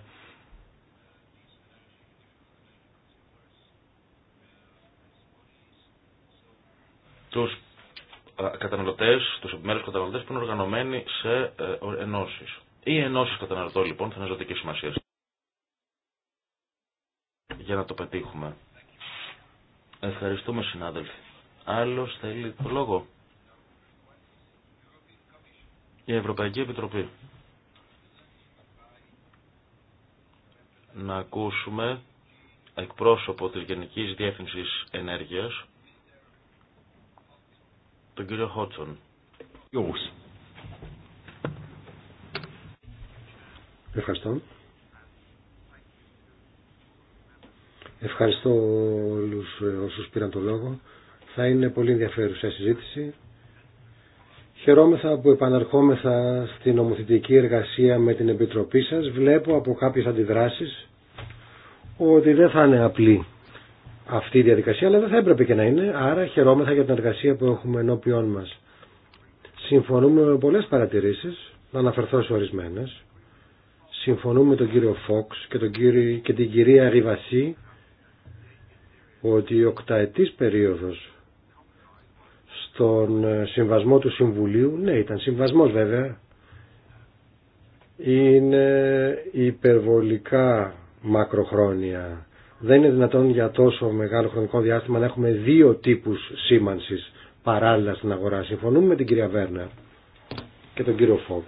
τους καταναλωτές, τους καταναλωτέ καταναλωτές που είναι οργανωμένοι σε ε, ενώσει. Οι ενώσει καταναλωτών λοιπόν θα είναι ζωτική σημασία για να το πετύχουμε. Ευχαριστούμε συνάδελφοι. Άλλο θέλει το λόγο. Η Ευρωπαϊκή Επιτροπή. Να ακούσουμε εκπρόσωπο της Γενικής Διεύθυνσης Ενέργειας Ευχαριστώ. Ευχαριστώ όλους όσους πήραν το λόγο. Θα είναι πολύ ενδιαφέρουσα η συζήτηση. Χαιρόμεθα που επαναρχόμεθα στην νομοθετική εργασία με την Επιτροπή σας. Βλέπω από κάποιες αντιδράσεις ότι δεν θα είναι απλή αυτή η διαδικασία, αλλά δεν θα έπρεπε και να είναι, άρα χαιρόμεθα για την εργασία που έχουμε ενώπιόν μας. Συμφωνούμε με πολλές παρατηρήσεις, να αναφερθώ σε ορισμένες. Συμφωνούμε με τον κύριο Φόξ και, τον κύριο, και την κυρία Ριβασί ότι η οκταετής περίοδος στον ε, συμβασμό του Συμβουλίου, ναι ήταν συμβασμός βέβαια, είναι υπερβολικά μακροχρόνια δεν είναι δυνατόν για τόσο μεγάλο χρονικό διάστημα να έχουμε δύο τύπους σήμανσης παράλληλα στην αγορά. Συμφωνούμε με την κυρία Βέρνα και τον κύριο Φόξ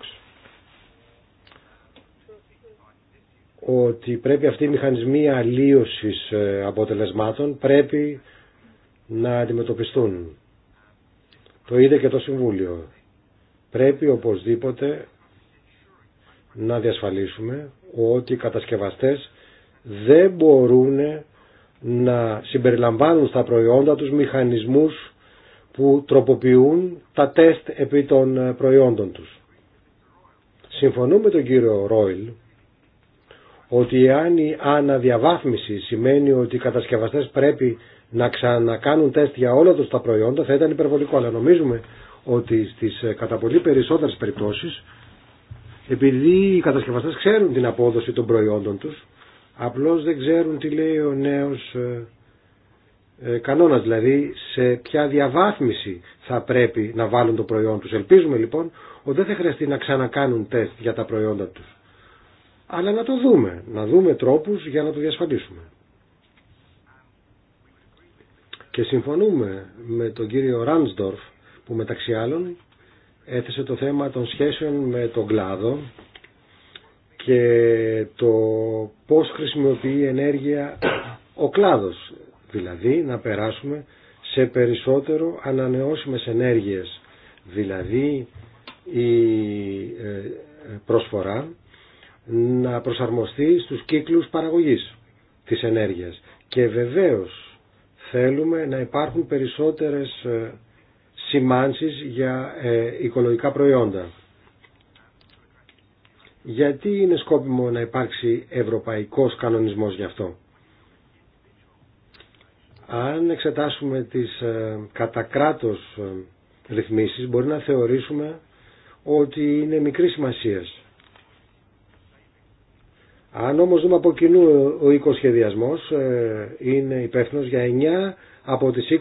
ότι πρέπει αυτή οι μηχανισμοί αλλίωσης ε, αποτελεσμάτων πρέπει να αντιμετωπιστούν. Το είδε και το Συμβούλιο. Πρέπει οπωσδήποτε να διασφαλίσουμε ότι οι κατασκευαστές δεν μπορούν να συμπεριλαμβάνουν στα προϊόντα τους μηχανισμούς που τροποποιούν τα τεστ επί των ε, προϊόντων τους. Συμφωνούμε με τον κύριο Ρόιλ ότι αν η αναδιαβάθμιση σημαίνει ότι οι κατασκευαστές πρέπει να ξανακάνουν τεστ για όλα τους τα προϊόντα θα ήταν υπερβολικό, αλλά νομίζουμε ότι στις ε, κατά πολύ περισσότερες περιπτώσεις επειδή οι κατασκευαστές ξέρουν την απόδοση των προϊόντων τους απλώς δεν ξέρουν τι λέει ο νέος ε, ε, κανόνας, δηλαδή σε ποια διαβάθμιση θα πρέπει να βάλουν το προϊόν τους. Ελπίζουμε λοιπόν ότι δεν θα χρειαστεί να ξανακάνουν τεστ για τα προϊόντα τους. Αλλά να το δούμε, να δούμε τρόπους για να το διασφαλίσουμε. Και συμφωνούμε με τον κύριο Ράνστορφ που μεταξύ άλλων έθεσε το θέμα των σχέσεων με τον κλάδο και το πώς χρησιμοποιεί η ενέργεια ο κλάδος. Δηλαδή να περάσουμε σε περισσότερο ανανεώσιμες ενέργειες. Δηλαδή η ε, προσφορά να προσαρμοστεί στους κύκλους παραγωγής της ενέργειας. Και βεβαίως θέλουμε να υπάρχουν περισσότερες ε, σημάνσεις για ε, οικολογικά προϊόντα γιατί είναι σκόπιμο να υπάρξει ευρωπαϊκός κανονισμός γι' αυτό. Αν εξετάσουμε τις ε, κατακράτος ε, ρυθμίσεις μπορεί να θεωρήσουμε ότι είναι μικρή σημασία. Αν όμως δούμε από κοινού ο οικοσχεδιασμός ε, είναι υπεύθυνος για 9 από τις 20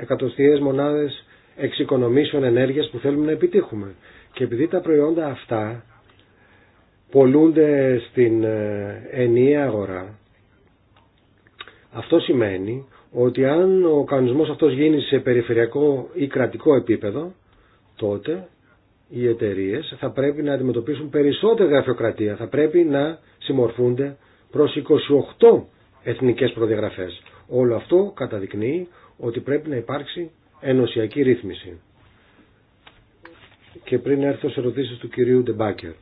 εκατοστιαίες μονάδες εξοικονομήσεων ενέργειας που θέλουμε να επιτύχουμε. Και επειδή τα προϊόντα αυτά πολλούνται στην ε, ενιαία αγορά. Αυτό σημαίνει ότι αν ο κανονισμός αυτός γίνει σε περιφερειακό ή κρατικό επίπεδο, τότε οι εταιρείε θα πρέπει να αντιμετωπίσουν περισσότερη γραφειοκρατία, θα πρέπει να συμμορφούνται προς 28 εθνικές προδιαγραφές. Όλο αυτό καταδεικνύει ότι πρέπει να υπάρξει ενωσιακή ρύθμιση. Και πριν έρθω σε ερωτήσεις του κυρίου Ντεμπάκερ.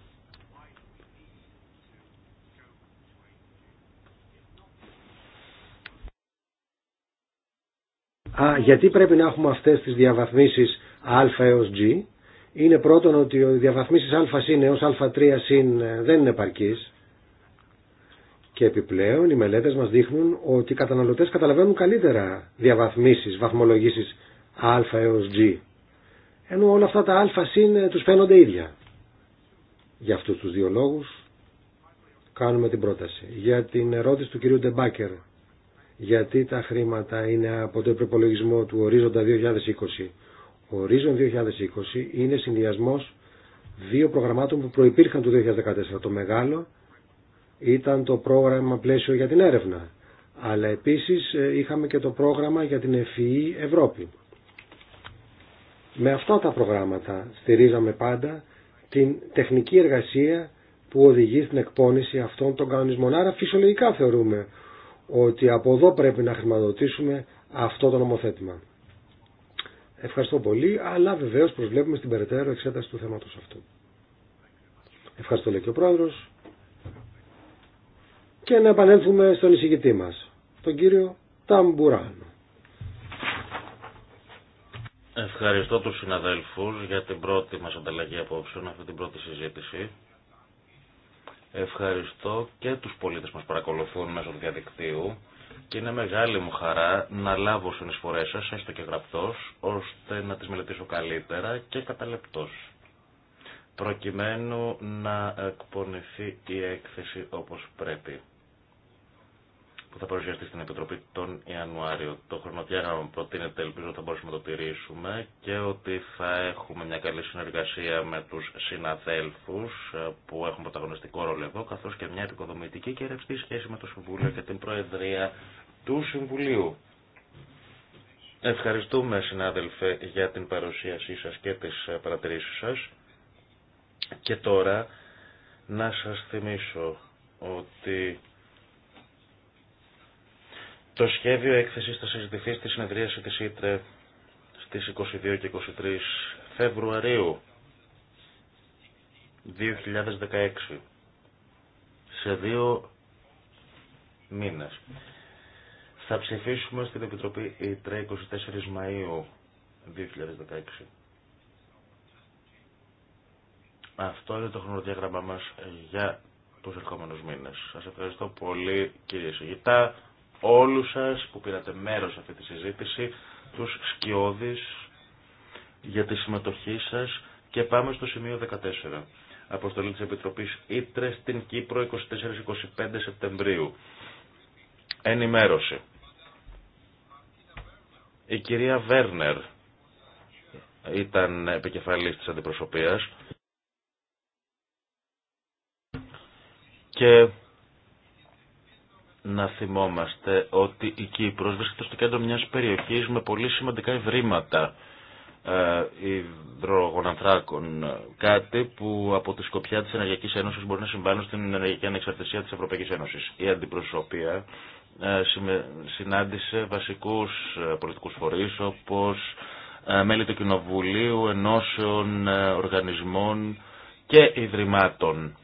Α, γιατί πρέπει να έχουμε αυτές τις διαβαθμίσεις α έως g. Είναι πρώτον ότι οι διαβαθμίσεις α συν έως α3 συν ε, δεν είναι επαρκείς. Και επιπλέον οι μελέτες μας δείχνουν ότι οι καταναλωτές καταλαβαίνουν καλύτερα διαβαθμίσεις, βαθμολογήσεις α έως g. Ενώ όλα αυτά τα α συν ε, τους φαίνονται ίδια. Για αυτούς τους δύο λόγους κάνουμε την πρόταση. Για την ερώτηση του κυρίου Ντεμπάκερ γιατί τα χρήματα είναι από το προπολογισμό του ορίζοντα 2020. Ο ορίζον 2020 είναι συνδυασμό δύο προγραμμάτων που προϋπήρχαν το 2014. Το μεγάλο ήταν το πρόγραμμα πλαίσιο για την έρευνα, αλλά επίσης ε, είχαμε και το πρόγραμμα για την Εφη e e Ευρώπη. Με αυτά τα προγράμματα στηρίζαμε πάντα την τεχνική εργασία που οδηγεί στην εκπόνηση αυτών των κανονισμών. Άρα φυσιολογικά θεωρούμε ότι από εδώ πρέπει να χρηματοδοτήσουμε αυτό το νομοθέτημα. Ευχαριστώ πολύ, αλλά βεβαίως προσβλέπουμε στην περαιτέρω εξέταση του θέματος αυτού. Ευχαριστώ λέει και ο Πρόεδρος. Και να επανέλθουμε στον εισηγητή μας, τον κύριο Ταμπουράνο. Ευχαριστώ τους συναδέλφους για την πρώτη μας ανταλλαγή απόψεων, αυτή την πρώτη συζήτηση. Ευχαριστώ και τους πολίτες που μας παρακολουθούν μέσω του διαδικτύου και είναι μεγάλη μου χαρά να λάβω συνεισφορές σας, έστω και γραπτός, ώστε να τις μελετήσω καλύτερα και καταλεπτός προκειμένου να εκπονηθεί η έκθεση όπως πρέπει που θα παρουσιαστεί στην Επιτροπή τον Ιανουάριο. Το χρονοδιάγραμμα προτείνεται ελπίζω θα μπορούσαμε να το τηρήσουμε και ότι θα έχουμε μια καλή συνεργασία με του συναδέλφου ε, που έχουν πρωταγωνιστικό ρόλο εδώ, καθώ και μια επικοδομητική και ρευστή σχέση με το Συμβούλιο και την Προεδρία του Συμβουλίου. Ευχαριστούμε συνάδελφε για την παρουσίασή σα και τι ε, παρατηρήσει σα. Και τώρα να σας θυμίσω ότι το σχέδιο έκθεσης θα συζητηθεί στη συνεδρίαση της ΙΤΡΕ στις 22 και 23 Φεβρουαρίου 2016 σε δύο μήνες. Θα ψηφίσουμε στην Επιτροπή ΙΤΡΕ 24 Μαΐου 2016. Αυτό είναι το χρονοδιάγραμμα μας για τους ερχόμενους μήνες. Σας ευχαριστώ πολύ κύριε Σιγητά όλους σας που πήρατε μέρος σε αυτή τη συζήτηση, τους σκιώδεις για τη συμμετοχή σας και πάμε στο σημείο 14. Αποστολή της Επιτροπής Ήτρε στην Κύπρο 24-25 Σεπτεμβρίου. Ενημέρωση. Η κυρία Βέρνερ ήταν επικεφαλής της αντιπροσωπείας και να θυμόμαστε ότι η Κύπρος βρίσκεται στο κέντρο μιας περιοχής με πολύ σημαντικά ευρήματα ε, υδρογονανθράκων. Κάτι που από τη σκοπιά της Ενεργειακής Ένωσης μπορεί να συμβάλλει στην ενεργειακή ανεξαρτησία της Ευρωπαϊκής Ένωσης. Η αντιπροσωπεία ε, συνάντησε βασικούς ε, πολιτικούς φορείς όπως μέλη του Κοινοβουλίου, ενώσεων, οργανισμών και ιδρυμάτων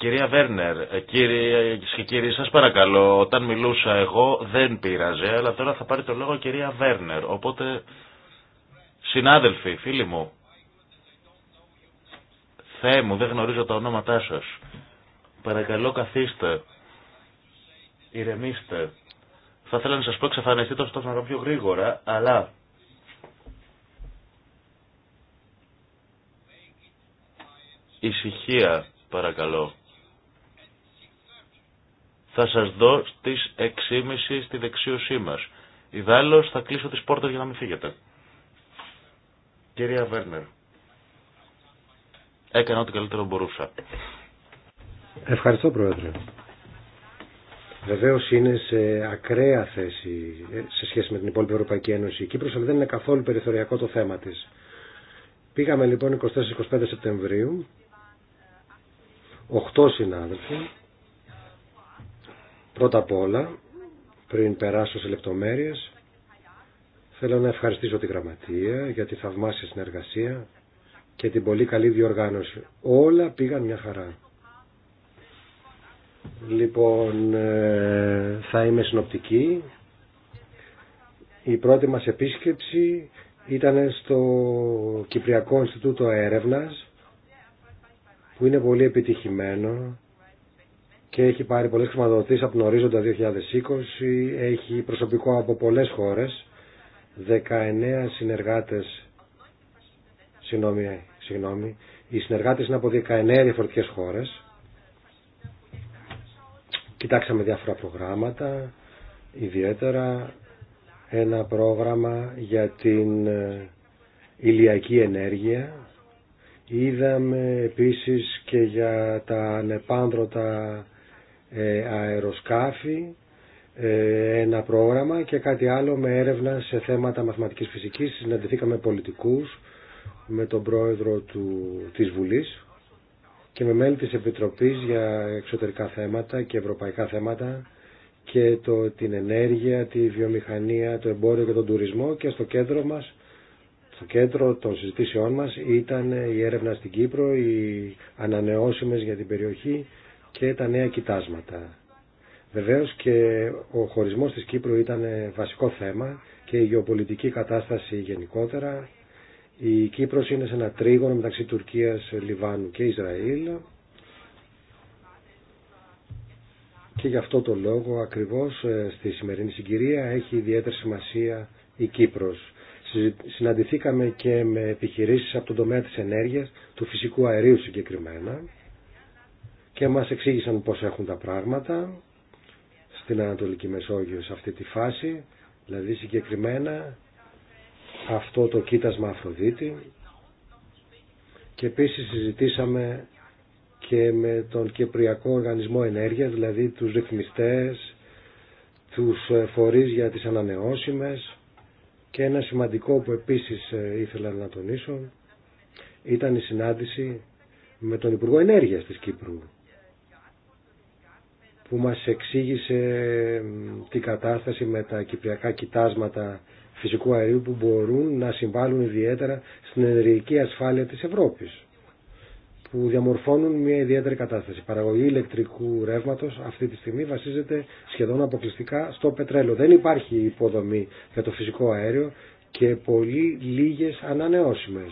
Κυρία Βέρνερ, ε, κύριε και κύριοι, σας παρακαλώ, όταν μιλούσα εγώ δεν πειράζε, αλλά τώρα θα πάρει το λόγο κυρία Βέρνερ. Οπότε, συνάδελφοι, φίλοι μου, Θεέ μου, δεν γνωρίζω τα ονόματά σας. Παρακαλώ καθίστε, ηρεμήστε. Θα ήθελα να σας πω εξαφανιστείτε όσο το πιο γρήγορα, αλλά ησυχία παρακαλώ θα σας δω στις 6.30 στη δεξίωσή μας. Ιδάλλως θα κλείσω τις πόρτες για να μην φύγετε. Κυρία Βέρνερ, έκανα ό,τι καλύτερο μπορούσα. Ευχαριστώ Πρόεδρε. Βεβαίω είναι σε ακραία θέση ε, σε σχέση με την υπόλοιπη Ευρωπαϊκή Ένωση. Η Κύπρος δεν είναι καθόλου περιθωριακό το θέμα τη. Πήγαμε λοιπόν 24-25 Σεπτεμβρίου, 8 συνάδελφοι, Πρώτα απ' όλα, πριν περάσω σε λεπτομέρειες, θέλω να ευχαριστήσω τη Γραμματεία για τη θαυμάσια συνεργασία και την πολύ καλή διοργάνωση. Όλα πήγαν μια χαρά. Λοιπόν, ε, θα είμαι συνοπτική. Η πρώτη μας επίσκεψη ήταν στο Κυπριακό Ινστιτούτο Έρευνας που είναι πολύ επιτυχημένο και έχει πάρει πολλές χρηματοδοτήσεις από τον ορίζοντα 2020, έχει προσωπικό από πολλές χώρες, 19 συνεργάτες, συγγνώμη, συγγνώμη, οι συνεργάτες είναι από 19 διαφορετικές χώρες. Κοιτάξαμε διάφορα προγράμματα, ιδιαίτερα ένα πρόγραμμα για την ε, ηλιακή ενέργεια. Είδαμε επίσης και για τα ανεπάνδρωτα ε, αεροσκάφη, ε, ένα πρόγραμμα και κάτι άλλο με έρευνα σε θέματα μαθηματικής φυσικής. Συναντηθήκαμε πολιτικούς με τον πρόεδρο του, της Βουλής και με μέλη της Επιτροπής για εξωτερικά θέματα και ευρωπαϊκά θέματα και το, την ενέργεια, τη βιομηχανία, το εμπόριο και τον τουρισμό και στο κέντρο μας στο κέντρο των συζητήσεών μας ήταν η έρευνα στην Κύπρο, οι ανανεώσιμες για την περιοχή και τα νέα κοιτάσματα. Βεβαίως και ο χωρισμός της Κύπρου ήταν βασικό θέμα και η γεωπολιτική κατάσταση γενικότερα. Η Κύπρος είναι σε ένα τρίγωνο μεταξύ Τουρκίας, Λιβάνου και Ισραήλ. Και γι' αυτό το λόγο ακριβώς ε, στη σημερινή συγκυρία έχει ιδιαίτερη σημασία η Κύπρος. Συναντηθήκαμε και με επιχειρήσει από τον τομέα της ενέργειας, του φυσικού αερίου συγκεκριμένα και μας εξήγησαν πώς έχουν τα πράγματα στην Ανατολική Μεσόγειο σε αυτή τη φάση, δηλαδή συγκεκριμένα αυτό το κοίτασμα Αφροδίτη και επίσης συζητήσαμε και με τον Κυπριακό Οργανισμό Ενέργεια, δηλαδή τους ρυθμιστές, τους ε, φορείς για τις ανανεώσιμες και ένα σημαντικό που επίσης ε, ήθελα να τονίσω ήταν η συνάντηση με τον Υπουργό Ενέργειας της Κύπρου που μας εξήγησε την κατάσταση με τα κυπριακά κοιτάσματα φυσικού αερίου που μπορούν να συμβάλλουν ιδιαίτερα στην ενεργειακή ασφάλεια της Ευρώπης που διαμορφώνουν μια ιδιαίτερη κατάσταση. Η παραγωγή ηλεκτρικού ρεύματο αυτή τη στιγμή βασίζεται σχεδόν αποκλειστικά στο πετρέλαιο. Δεν υπάρχει υποδομή για το φυσικό αέριο και πολύ λίγε ανανεώσιμε.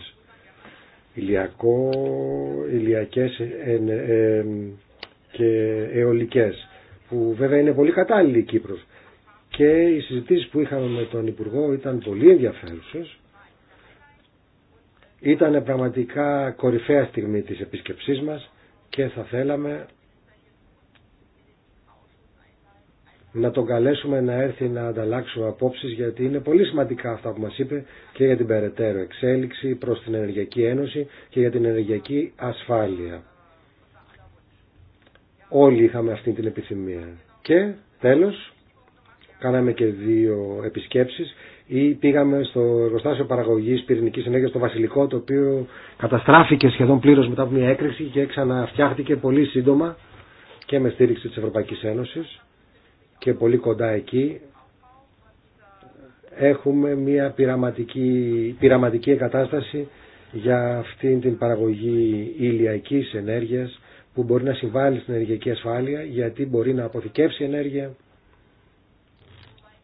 Ηλιακό, ηλιακέ ε, ε, ε, και αιωλικές που βέβαια είναι πολύ κατάλληλη η Κύπρος. Και οι συζητήσεις που είχαμε με τον Υπουργό ήταν πολύ ενδιαφέρουσες. Ήταν πραγματικά κορυφαία στιγμή της επίσκεψής μας και θα θέλαμε να τον καλέσουμε να έρθει να ανταλλάξουμε απόψεις γιατί είναι πολύ σημαντικά αυτά που μας είπε και για την περαιτέρω εξέλιξη προς την Ενεργειακή Ένωση και για την ενεργειακή ασφάλεια. Όλοι είχαμε αυτή την επιθυμία. Και τέλος, κάναμε και δύο επισκέψεις ή πήγαμε στο εργοστάσιο παραγωγής πυρηνικής ενέργειας στο Βασιλικό το οποίο καταστράφηκε σχεδόν πλήρως μετά από μια έκρηξη και ξαναφτιάχτηκε πολύ σύντομα και με στήριξη της Ευρωπαϊκής Ένωσης και πολύ κοντά εκεί έχουμε μια πειραματική, πειραματική εγκατάσταση για αυτή την παραγωγή ηλιακής ενέργειας που μπορεί να συμβάλλει στην ενεργειακή ασφάλεια γιατί μπορεί να αποθηκεύσει ενέργεια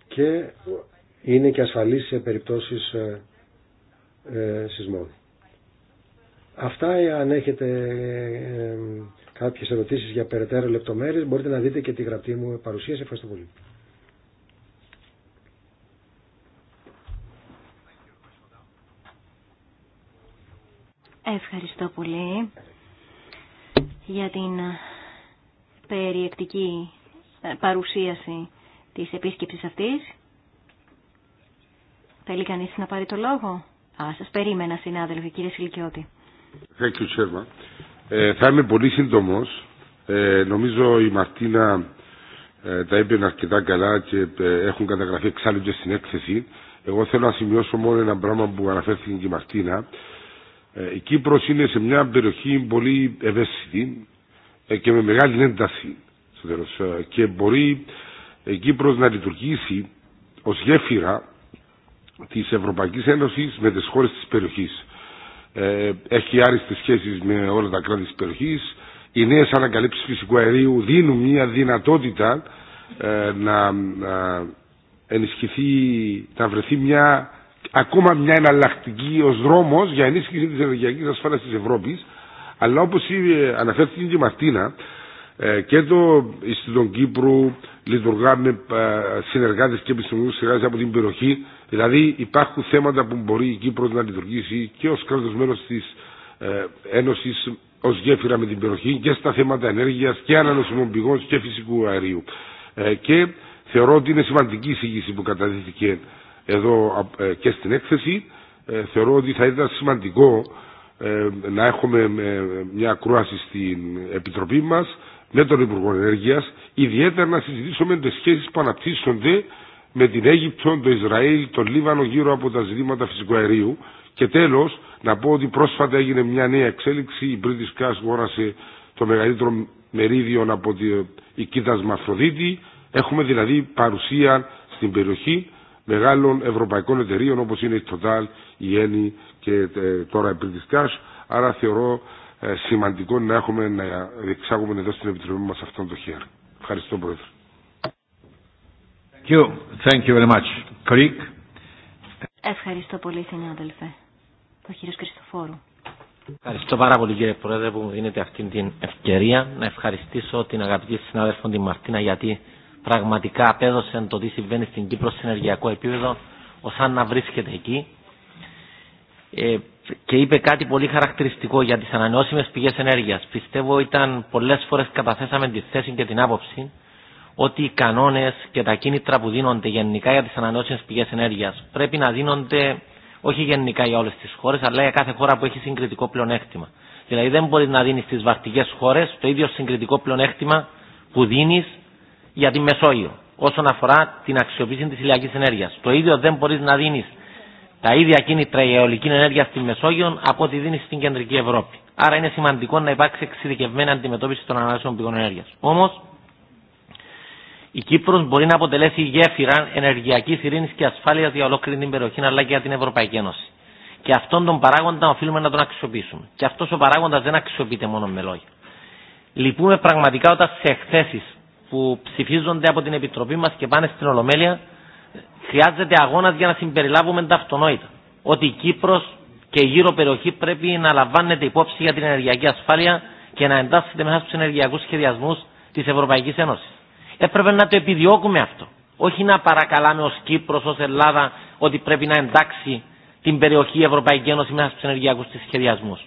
και είναι και ασφαλής σε περιπτώσεις ε, ε, σεισμών. Αυτά, αν έχετε ε, κάποιες ερωτήσεις για περαιτέρω λεπτομέρειες, μπορείτε να δείτε και τη γραπτή μου παρουσίαση. Ευχαριστώ πολύ. Ευχαριστώ πολύ για την ε, περιεκτική ε, παρουσίαση της επίσκεψης αυτής. Θέλει κανείς να πάρει το λόγο. Α, σας περίμενα συνάδελφοι κύριε Σιλικιώτη. Ε, θα είμαι πολύ σύντομος. Ε, νομίζω η Μαρτίνα ε, τα είπε αρκετά καλά και ε, έχουν καταγραφεί εξάλλου και στην έκθεση. Εγώ θέλω να σημειώσω μόνο ένα πράγμα που αναφέρθηκε και η Μαρτίνα. Ε, η Κύπρος είναι σε μια περιοχή πολύ ευαίσθητη ε, και με μεγάλη ένταση ε, Και μπορεί η Κύπρος να λειτουργήσει ως γέφυρα της Ευρωπαϊκής Ένωσης με τις χώρες της περιοχής. Έχει άριστες σχέσεις με όλα τα κράτη της περιοχής. Οι νέες ανακαλύψεις φυσικού αερίου δίνουν μια δυνατότητα να ενισχυθεί, να βρεθεί μια ακόμα μια εναλλακτική ω δρόμο για ενίσχυση τη ενεργειακή ασφάλεια τη Ευρώπη. Αλλά όπω αναφέρθηκε και η Μαρτίνα, ε, και το Ιστιτούτο Κύπρου λειτουργά με συνεργάτε και επιστημονικού συνεργάτε από την περιοχή. Δηλαδή υπάρχουν θέματα που μπορεί η Κύπρο να λειτουργήσει και ω κράτο μέλο τη ε, Ένωση ω γέφυρα με την περιοχή και στα θέματα ενέργεια και ανανοσιμών πηγών και φυσικού αερίου. Ε, και θεωρώ ότι είναι σημαντική η εισήγηση που καταδύθηκε εδώ ε, και στην έκθεση. Ε, θεωρώ ότι θα ήταν σημαντικό ε, να έχουμε μια κρουάση στην Επιτροπή μας με τον Υπουργό Ενέργειας, ιδιαίτερα να συζητήσουμε τις σχέσεις που αναπτύσσονται με την Αίγυπτο, το Ισραήλ, τον Λίβανο γύρω από τα ζητήματα φυσικού αερίου. Και τέλο, να πω ότι πρόσφατα έγινε μια νέα εξέλιξη. Η British Gas γόρασε το μεγαλύτερο μερίδιο από την οικίτασμα Αφροδίτη. Έχουμε δηλαδή παρουσία στην περιοχή μεγάλων ευρωπαϊκών εταιρείων όπως είναι η Total, η Eni και ε, τώρα η British Cash. Άρα θεωρώ ε, σημαντικό να έχουμε να εξάγουμε εδώ στην Επιτροπή μας αυτόν το χέρι. Ευχαριστώ Πρόεδρε. Ευχαριστώ πολύ συνάδελφε. το κύριο Κριστοφόρου. Ευχαριστώ πάρα πολύ κύριε Πρόεδρε που μου δίνετε αυτή την ευκαιρία να ευχαριστήσω την αγαπητή συνάδελφο την Μαρτίνα γιατί πραγματικά απέδωσαν το τι συμβαίνει στην Κύπρο σε ενεργειακό επίπεδο, ο σαν να βρίσκεται εκεί. Ε, και είπε κάτι πολύ χαρακτηριστικό για τι ανανεώσιμε πηγέ ενέργεια. Πιστεύω ήταν πολλέ φορέ καταθέσαμε τη θέση και την άποψη ότι οι κανόνε και τα κίνητρα που δίνονται γενικά για τι ανανεώσιμε πηγέ ενέργεια πρέπει να δίνονται όχι γενικά για όλε τι χώρε, αλλά για κάθε χώρα που έχει συγκριτικό πλεονέκτημα. Δηλαδή δεν μπορεί να δίνει στι βαρτικέ χώρε το ίδιο συγκριτικό πλεονέκτημα που δίνει για τη Μεσόγειο όσον αφορά την αξιοποίηση της ηλιακής ενέργειας. Το ίδιο δεν μπορείς να δίνεις τα ίδια κίνητρα η αιωλική ενέργεια στη Μεσόγειο από ό,τι δίνει στην κεντρική Ευρώπη. Άρα είναι σημαντικό να υπάρξει εξειδικευμένη αντιμετώπιση των αναλύσεων πηγών ενέργεια. Όμω, η Κύπρο μπορεί να αποτελέσει γέφυρα ενεργειακή ειρήνη και ασφάλεια για ολόκληρη την περιοχή αλλά και για την Ευρωπαϊκή Ένωση. Και αυτόν τον παράγοντα οφείλουμε να τον αξιοποιήσουμε. Και αυτό ο παράγοντα δεν αξιοποιείται μόνο με λόγια. Λυπούμε πραγματικά όταν σε εκθέσει που ψηφίζονται από την Επιτροπή μας και πάνε στην Ολομέλεια, χρειάζεται αγώνα για να συμπεριλάβουμε τα αυτονόητα. Ότι η Κύπρος και η γύρω περιοχή πρέπει να λαμβάνεται υπόψη για την ενεργειακή ασφάλεια και να εντάσσεται μέσα στους ενεργειακούς σχεδιασμούς της Ευρωπαϊκής Ένωσης. Έπρεπε να το επιδιώκουμε αυτό. Όχι να παρακαλάμε ως Κύπρος, ως Ελλάδα ότι πρέπει να εντάξει την περιοχή η Ευρωπαϊκή Ένωση μέσα στους ενεργειακού της σχεδιασμούς.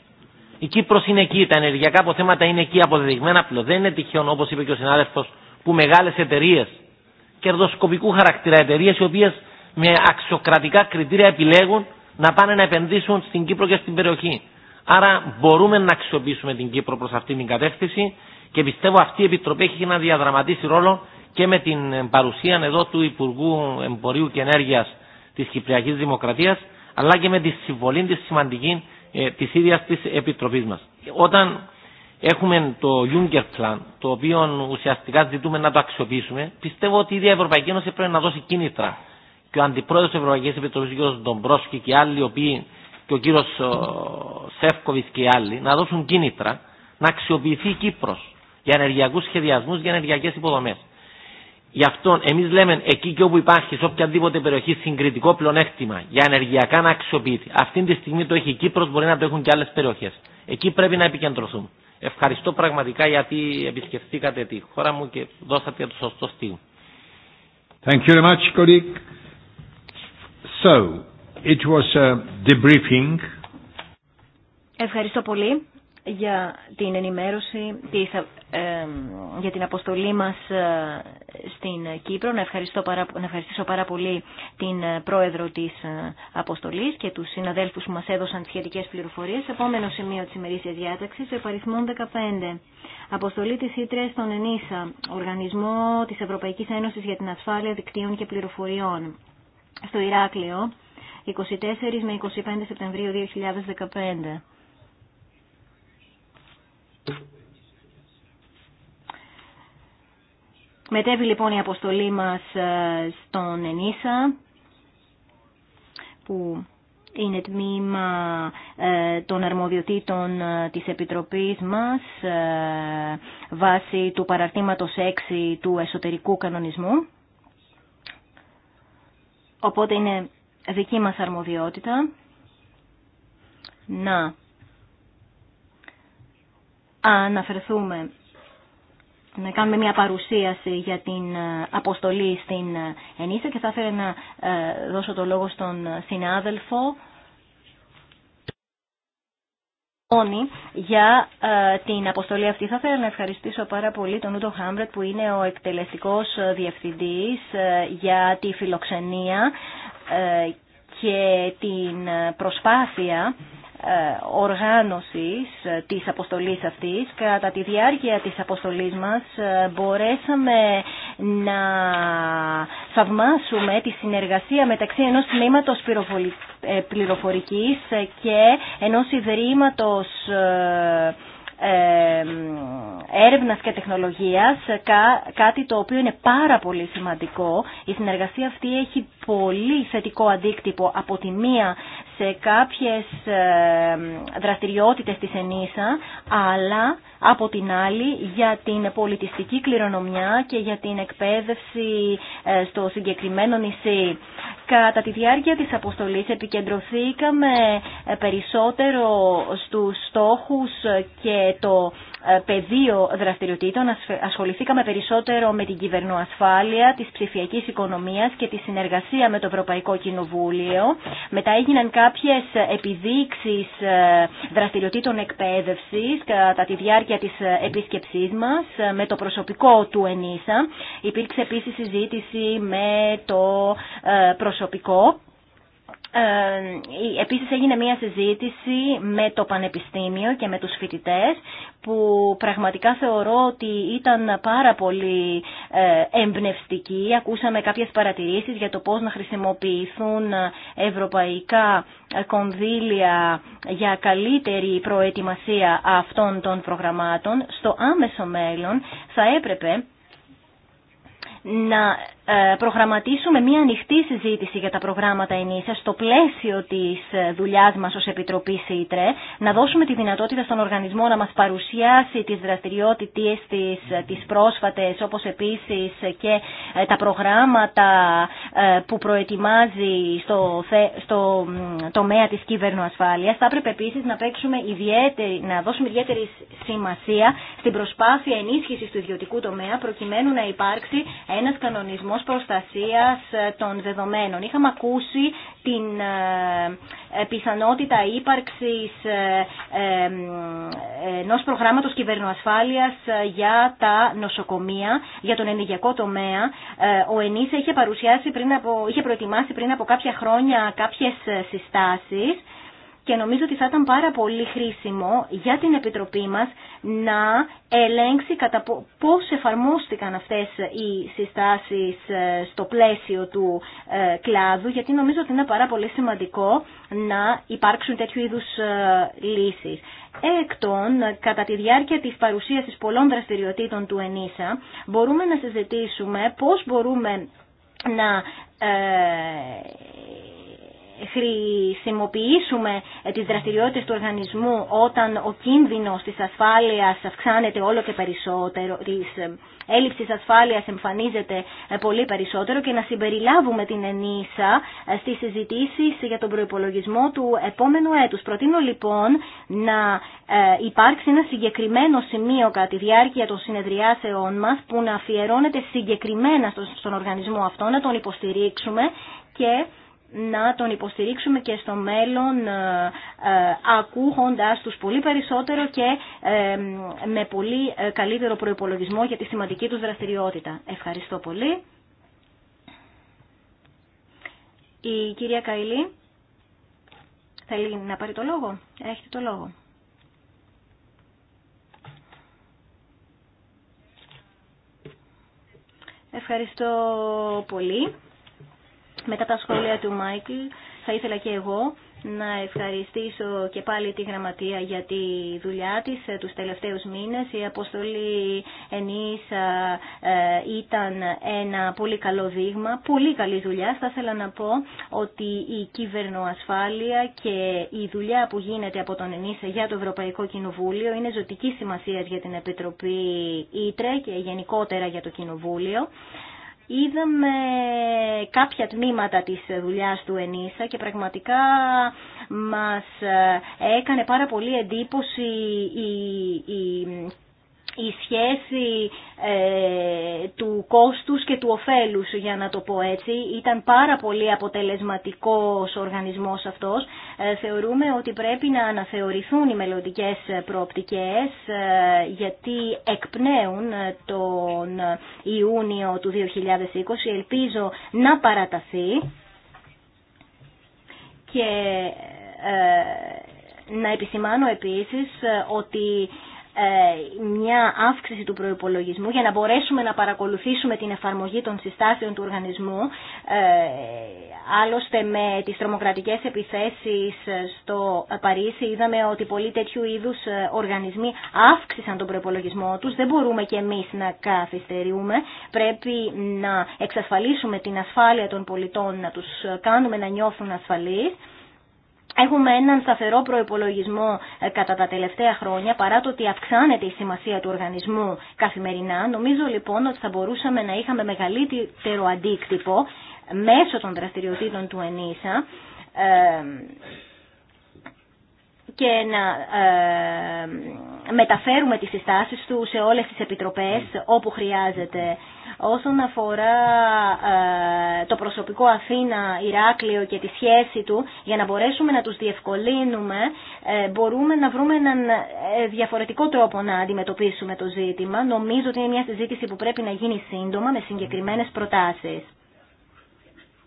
Η Κύπρος είναι εκεί, τα ενεργειακά αποθέματα είναι εκεί αποδεδειγμένα πλέον. Δεν είναι τυχαίο όπως είπε και ο συνάδελφος που μεγάλε εταιρείε, κερδοσκοπικού χαρακτήρα εταιρείε οι οποίε με αξιοκρατικά κριτήρια επιλέγουν να πάνε να επενδύσουν στην Κύπρο και στην περιοχή. Άρα μπορούμε να αξιοποιήσουμε την Κύπρο προ αυτή την κατεύθυνση και πιστεύω αυτή η Επιτροπή έχει να διαδραματίσει ρόλο και με την παρουσία εδώ του Υπουργού Εμπορίου και ενέργεια τη Κυπριακή Δημοκρατία, αλλά και με τη συμβολή τη σημαντική ε, της ίδιας της Επιτροπής μας. Όταν Έχουμε το Juncker Plan, το οποίο ουσιαστικά ζητούμε να το αξιοποιήσουμε. Πιστεύω ότι η ίδια η Ευρωπαϊκή Ένωση πρέπει να δώσει κίνητρα. Και ο Αντιπρόεδρο τη Ευρωπαϊκή Επιτροπή, ο κ. Ντομπρόσκη και άλλοι, οποίοι, και ο κ. Σεύκοβι και άλλοι, να δώσουν κίνητρα να αξιοποιηθεί η Κύπρο για ενεργειακού σχεδιασμού, για ενεργειακέ υποδομέ. Γι' αυτό εμεί λέμε εκεί και όπου υπάρχει, σε οποιαδήποτε περιοχή, συγκριτικό πλεονέκτημα για ενεργειακά να αξιοποιείται. Αυτή τη στιγμή το έχει η Κύπρο, μπορεί να το έχουν και άλλε περιοχέ. Εκεί πρέπει να επικεντρωθούμε. Ευχαριστώ πραγματικά γιατί επισκεφθήκατε τη χώρα μου και δώσατε το σωστό στίγμα. Thank you very much, colleague. So, it was a debriefing. Ευχαριστώ πολύ για την ενημέρωση της, για την αποστολή μας ε, στην Κύπρο. Να, ευχαριστώ παρα, να ευχαριστήσω πάρα πολύ την ε, πρόεδρο της ε, αποστολής και τους συναδέλφους που μας έδωσαν τις σχετικές πληροφορίες. Επόμενο σημείο της ημερήσιας διάταξης, επαριθμόν 15. Αποστολή της ΙΤΡΕ στον ΕΝΙΣΑ, Οργανισμό της Ευρωπαϊκής Ένωσης για την Ασφάλεια Δικτύων και Πληροφοριών, στο Ηράκλειο, 24 με 25 Σεπτεμβρίου 2015. Μετέβη λοιπόν η αποστολή μας ε, στον Ενίσα που είναι τμήμα ε, των αρμοδιοτήτων ε, της Επιτροπής μας βάσει του παραρτήματος 6 του εσωτερικού κανονισμού. Οπότε είναι δική μας αρμοδιότητα να αναφερθούμε να κάνουμε μια παρουσίαση για την ε, αποστολή στην ε, Ενίσια... και θα ήθελα να ε, δώσω το λόγο στον συνάδελφο για την αποστολή αυτή. Θα ήθελα να ευχαριστήσω πάρα πολύ τον Ούτο Χάμπρετ που είναι ο εκτελεστικός διευθυντής για τη φιλοξενία και την προσπάθεια ε, οργάνωσης ε, της αποστολής αυτής. Κατά τη διάρκεια της αποστολής μας ε, μπορέσαμε να θαυμάσουμε τη συνεργασία μεταξύ ενός τμήματος πληροφορικής και ενός ιδρύματος έρευνας και τεχνολογίας κάτι το οποίο είναι πάρα πολύ σημαντικό η συνεργασία αυτή έχει πολύ θετικό αντίκτυπο από τη μία σε κάποιες δραστηριότητες της ΕΝΙΣΑ, αλλά από την άλλη για την πολιτιστική κληρονομιά και για την εκπαίδευση ε, στο συγκεκριμένο νησί. Κατά τη διάρκεια της αποστολής επικεντρωθήκαμε ε, περισσότερο στους στόχους και το ε, πεδίο δραστηριοτήτων ασχοληθήκαμε περισσότερο με την κυβερνοασφάλεια, της ψηφιακής οικονομίας και τη συνεργασία με το Ευρωπαϊκό Κοινοβούλιο. Μετά έγιναν κάποιες επιδείξεις ε, δραστηριοτήτων εκπαίδευσης κατά τη διάρκεια της επίσκεψής μας ε, με το προσωπικό του ΕΝΙΣΑ. Υπήρξε επίσης συζήτηση με το προσωπικό ε, επίσης έγινε μια συζήτηση με το Πανεπιστήμιο και με τους φοιτητές που πραγματικά θεωρώ ότι ήταν πάρα πολύ ε, εμπνευστική. Ακούσαμε κάποιες παρατηρήσεις για το πώς να χρησιμοποιηθούν ευρωπαϊκά κονδύλια για καλύτερη προετοιμασία αυτών των προγραμμάτων. Στο άμεσο μέλλον θα έπρεπε να ε, προγραμματίσουμε μία ανοιχτή συζήτηση για τα προγράμματα ενίσχυση στο πλαίσιο της ε, δουλειάς μας ως Επιτροπή ΣΥΤΡΕ, να δώσουμε τη δυνατότητα στον οργανισμό να μας παρουσιάσει τις δραστηριότητες της, ε, της πρόσφατες, όπως επίσης και τα προγράμματα που προετοιμάζει στο, στο τομέα της κυβερνοασφάλειας. Θα έπρεπε επίσης να, να δώσουμε ιδιαίτερη σημασία στην προσπάθεια ενίσχυση του ιδιωτικού τομέα προκειμένου να υπάρξει ένας κανονισμός προστασίας ε, των δεδομένων. Είχαμε ακούσει την ε, ε, πιθανότητα ύπαρξης ενός προγράμματος κυβερνοασφάλειας για τα νοσοκομεία, για τον ενεργειακό τομέα. Ο ΕΝΙσέ είχε, είχε προετοιμάσει πριν από κάποια χρόνια κάποιες συστάσεις και νομίζω ότι θα ήταν πάρα πολύ χρήσιμο για την Επιτροπή μας να ελέγξει κατά πώς εφαρμόστηκαν αυτές οι συστάσεις ε, στο πλαίσιο του ε, κλάδου, γιατί νομίζω ότι είναι πάρα πολύ σημαντικό να υπάρξουν τέτοιου είδους ε, λύσεις. Έκτον, κατά τη διάρκεια της παρουσίασης πολλών δραστηριοτήτων του ΕΝΙΣΑ, μπορούμε να συζητήσουμε πώς μπορούμε να χρησιμοποιήσουμε ε, τις δραστηριότητες του οργανισμού όταν ο κίνδυνος της ασφάλειας αυξάνεται όλο και περισσότερο, της ε, έλλειψης ασφάλειας εμφανίζεται ε, πολύ περισσότερο και να συμπεριλάβουμε την ενίσα στις συζητήσεις για τον προϋπολογισμό του επόμενου έτους. Προτείνω λοιπόν να υπάρξει ένα συγκεκριμένο σημείο κατά τη διάρκεια των συνεδριάσεών μας που να αφιερώνεται συγκεκριμένα στον οργανισμό αυτό, να τον υποστηρίξουμε και να τον υποστηρίξουμε και στο μέλλον ε, ε, ακούγοντας τους πολύ περισσότερο και ε, με πολύ καλύτερο προϋπολογισμό για τη σημαντική τους δραστηριότητα. Ευχαριστώ πολύ. Η κυρία Καηλή θέλει να πάρει το λόγο. Έχετε το λόγο. Ευχαριστώ πολύ. Μετά τα σχόλια του Μάικλ θα ήθελα και εγώ να ευχαριστήσω και πάλι τη Γραμματεία για τη δουλειά της ε, τους τελευταίους μήνες. Η αποστολή ενής ε, ε, ήταν ένα πολύ καλό δείγμα, πολύ καλή δουλειά. Θα ήθελα να πω ότι η κυβερνοασφάλεια και η δουλειά που γίνεται από τον ενής για το Ευρωπαϊκό Κοινοβούλιο είναι ζωτική σημασία για την Επιτροπή Ήτρε και γενικότερα για το Κοινοβούλιο είδαμε κάποια τμήματα της δουλειάς του ΕΝΙΣΑ και πραγματικά μας ε, έκανε πάρα πολύ εντύπωση η, η η σχέση ε, του κόστους και του ωφέλους, για να το πω έτσι. Ήταν πάρα πολύ αποτελεσματικός οργανισμός αυτός. Ε, θεωρούμε ότι πρέπει να αναθεωρηθούν οι μελλοντικές προοπτικές, ε, γιατί εκπνέουν τον Ιούνιο του 2020. Ελπίζω να παραταθεί και ε, να επισημάνω επίσης ότι ε, μια αύξηση του προϋπολογισμού για να μπορέσουμε να παρακολουθήσουμε την εφαρμογή των συστάσεων του οργανισμού ε, άλλωστε με τις τρομοκρατικές επιθέσεις ε, στο Παρίσι είδαμε ότι πολλοί τέτοιου είδους οργανισμοί αύξησαν τον προϋπολογισμό τους δεν μπορούμε και εμείς να καθυστερούμε πρέπει να εξασφαλίσουμε την ασφάλεια των πολιτών να τους κάνουμε να νιώθουν ασφαλείς Έχουμε έναν σταθερό προπολογισμό ε, κατά τα τελευταία χρόνια, παρά το ότι αυξάνεται η σημασία του οργανισμού καθημερινά. Νομίζω λοιπόν ότι θα μπορούσαμε να είχαμε μεγαλύτερο αντίκτυπο μέσω των δραστηριοτήτων του ΕΝΙΣΑ ε, και να ε, μεταφέρουμε τις συστάσεις του σε όλες τις επιτροπές mm. όπου χρειάζεται. Όσον αφορά ε, το προσωπικό Αθήνα, Ηράκλειο και τη σχέση του, για να μπορέσουμε να τους διευκολύνουμε, ε, μπορούμε να βρούμε έναν διαφορετικό τρόπο να αντιμετωπίσουμε το ζήτημα. Νομίζω ότι είναι μια συζήτηση που πρέπει να γίνει σύντομα με συγκεκριμένες προτάσεις.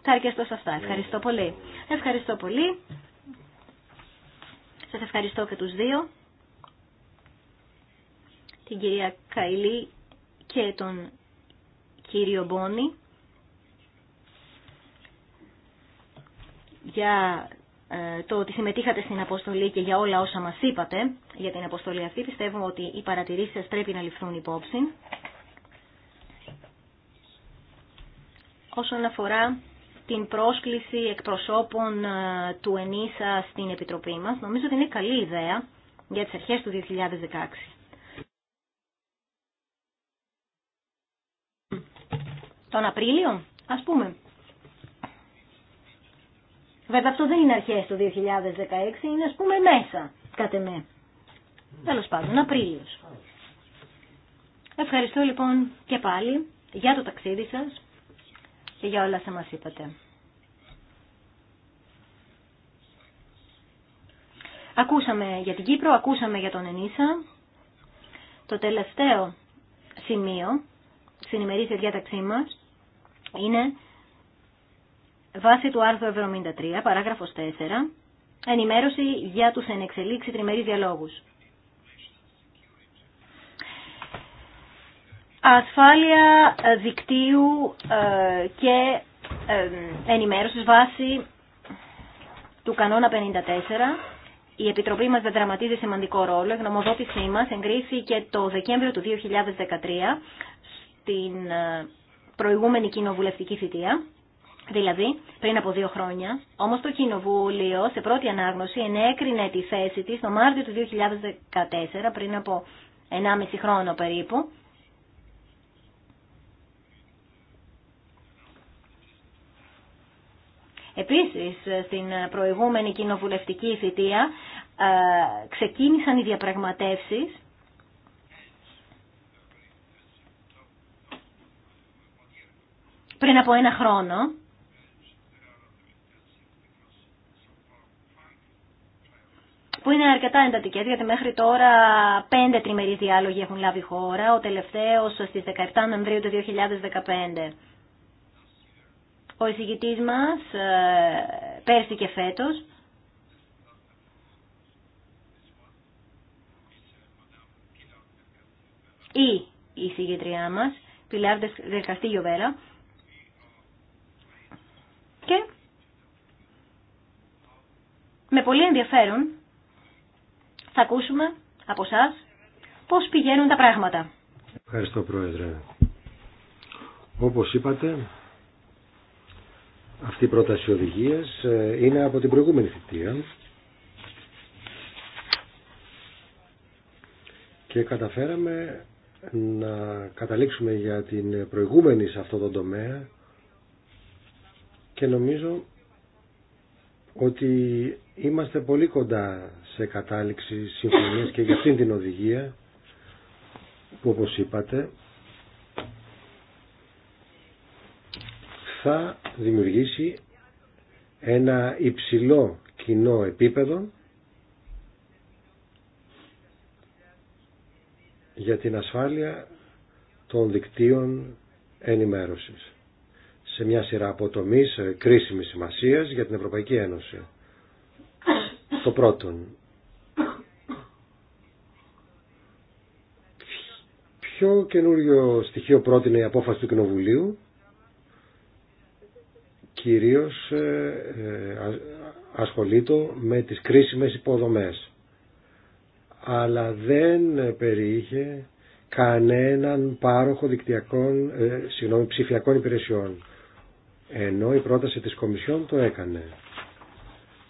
Θα αρκεστώ σε αυτά. Ευχαριστώ πολύ. Ευχαριστώ πολύ. Σας ευχαριστώ και τους δύο, την κυρία Καϊλή και τον κύριο Μπόνι, για ε, το ότι συμμετείχατε στην αποστολή και για όλα όσα μας είπατε για την αποστολή αυτή. Πιστεύω ότι οι παρατηρήσεις σας πρέπει να ληφθούν υπόψη. Όσον αφορά την πρόσκληση εκπροσώπων ε, του ΕΝΗΣΑ στην Επιτροπή μας. Νομίζω ότι είναι καλή ιδέα για τις αρχές του 2016. Τον Απρίλιο, ας πούμε. Βέβαια αυτό δεν είναι αρχές του 2016, είναι ας πούμε μέσα, κάτε με. Τέλος πάντων, Απρίλιος. Ευχαριστώ λοιπόν και πάλι για το ταξίδι σας και για όλα θα μας είπατε. Ακούσαμε για την Κύπρο, ακούσαμε για τον Ενίσα. Το τελευταίο σημείο στην ημερήσια διάταξή μας είναι βάση του άρθρου 73, παράγραφος 4, ενημέρωση για τους ενεξελίξει τριμερείς διαλόγους. ασφάλεια δικτύου ε, και ε, ενημέρωσης βάση του κανόνα 54. Η Επιτροπή μας δραματίζει σημαντικό ρόλο. Η γνωμοδότησή μας εγκρίθηκε το Δεκέμβριο του 2013 στην ε, προηγούμενη κοινοβουλευτική θητεία. Δηλαδή, πριν από δύο χρόνια, Όμως το Κοινοβούλιο σε πρώτη ανάγνωση ενέκρινε τη θέση της το Μάρτιο του 2014, πριν από 1,5 χρόνο περίπου, Επίσης, στην προηγούμενη κοινοβουλευτική θητεία ε, ξεκίνησαν οι διαπραγματεύσεις πριν από ένα χρόνο που είναι αρκετά εντατικές, γιατί μέχρι τώρα πέντε τριμερείς διάλογοι έχουν λάβει χώρα, ο τελευταίος στις 17 Νοεμβρίου του 2015 ο εισηγητής μας ε, πέρσι και φέτος ή η εισηγητριά μας, Πιλάρ Δελκαστήγιο Βέρα και με πολύ ενδιαφέρον θα ακούσουμε από εσά πώς πηγαίνουν τα πράγματα. Ευχαριστώ Πρόεδρε. Όπως είπατε, αυτή η πρόταση οδηγίας ε, είναι από την προηγούμενη θητεία και καταφέραμε να καταλήξουμε για την προηγούμενη σε αυτό το τομέα και νομίζω ότι είμαστε πολύ κοντά σε κατάληξη συμφωνίας και για αυτήν την οδηγία που όπως είπατε θα δημιουργήσει ένα υψηλό κοινό επίπεδο για την ασφάλεια των δικτύων ενημέρωσης σε μια σειρά από τομείς ε, κρίσιμης σημασίας για την Ευρωπαϊκή Ένωση. Το πρώτον, ποιο καινούριο στοιχείο πρότεινε η απόφαση του Κοινοβουλίου κυρίως ε, ε, ασχολείται με τις κρίσιμες υποδομές. Αλλά δεν περιείχε κανέναν πάροχο δικτυακών, ε, ψηφιακών υπηρεσιών. Ενώ η πρόταση της Κομισιόν το έκανε.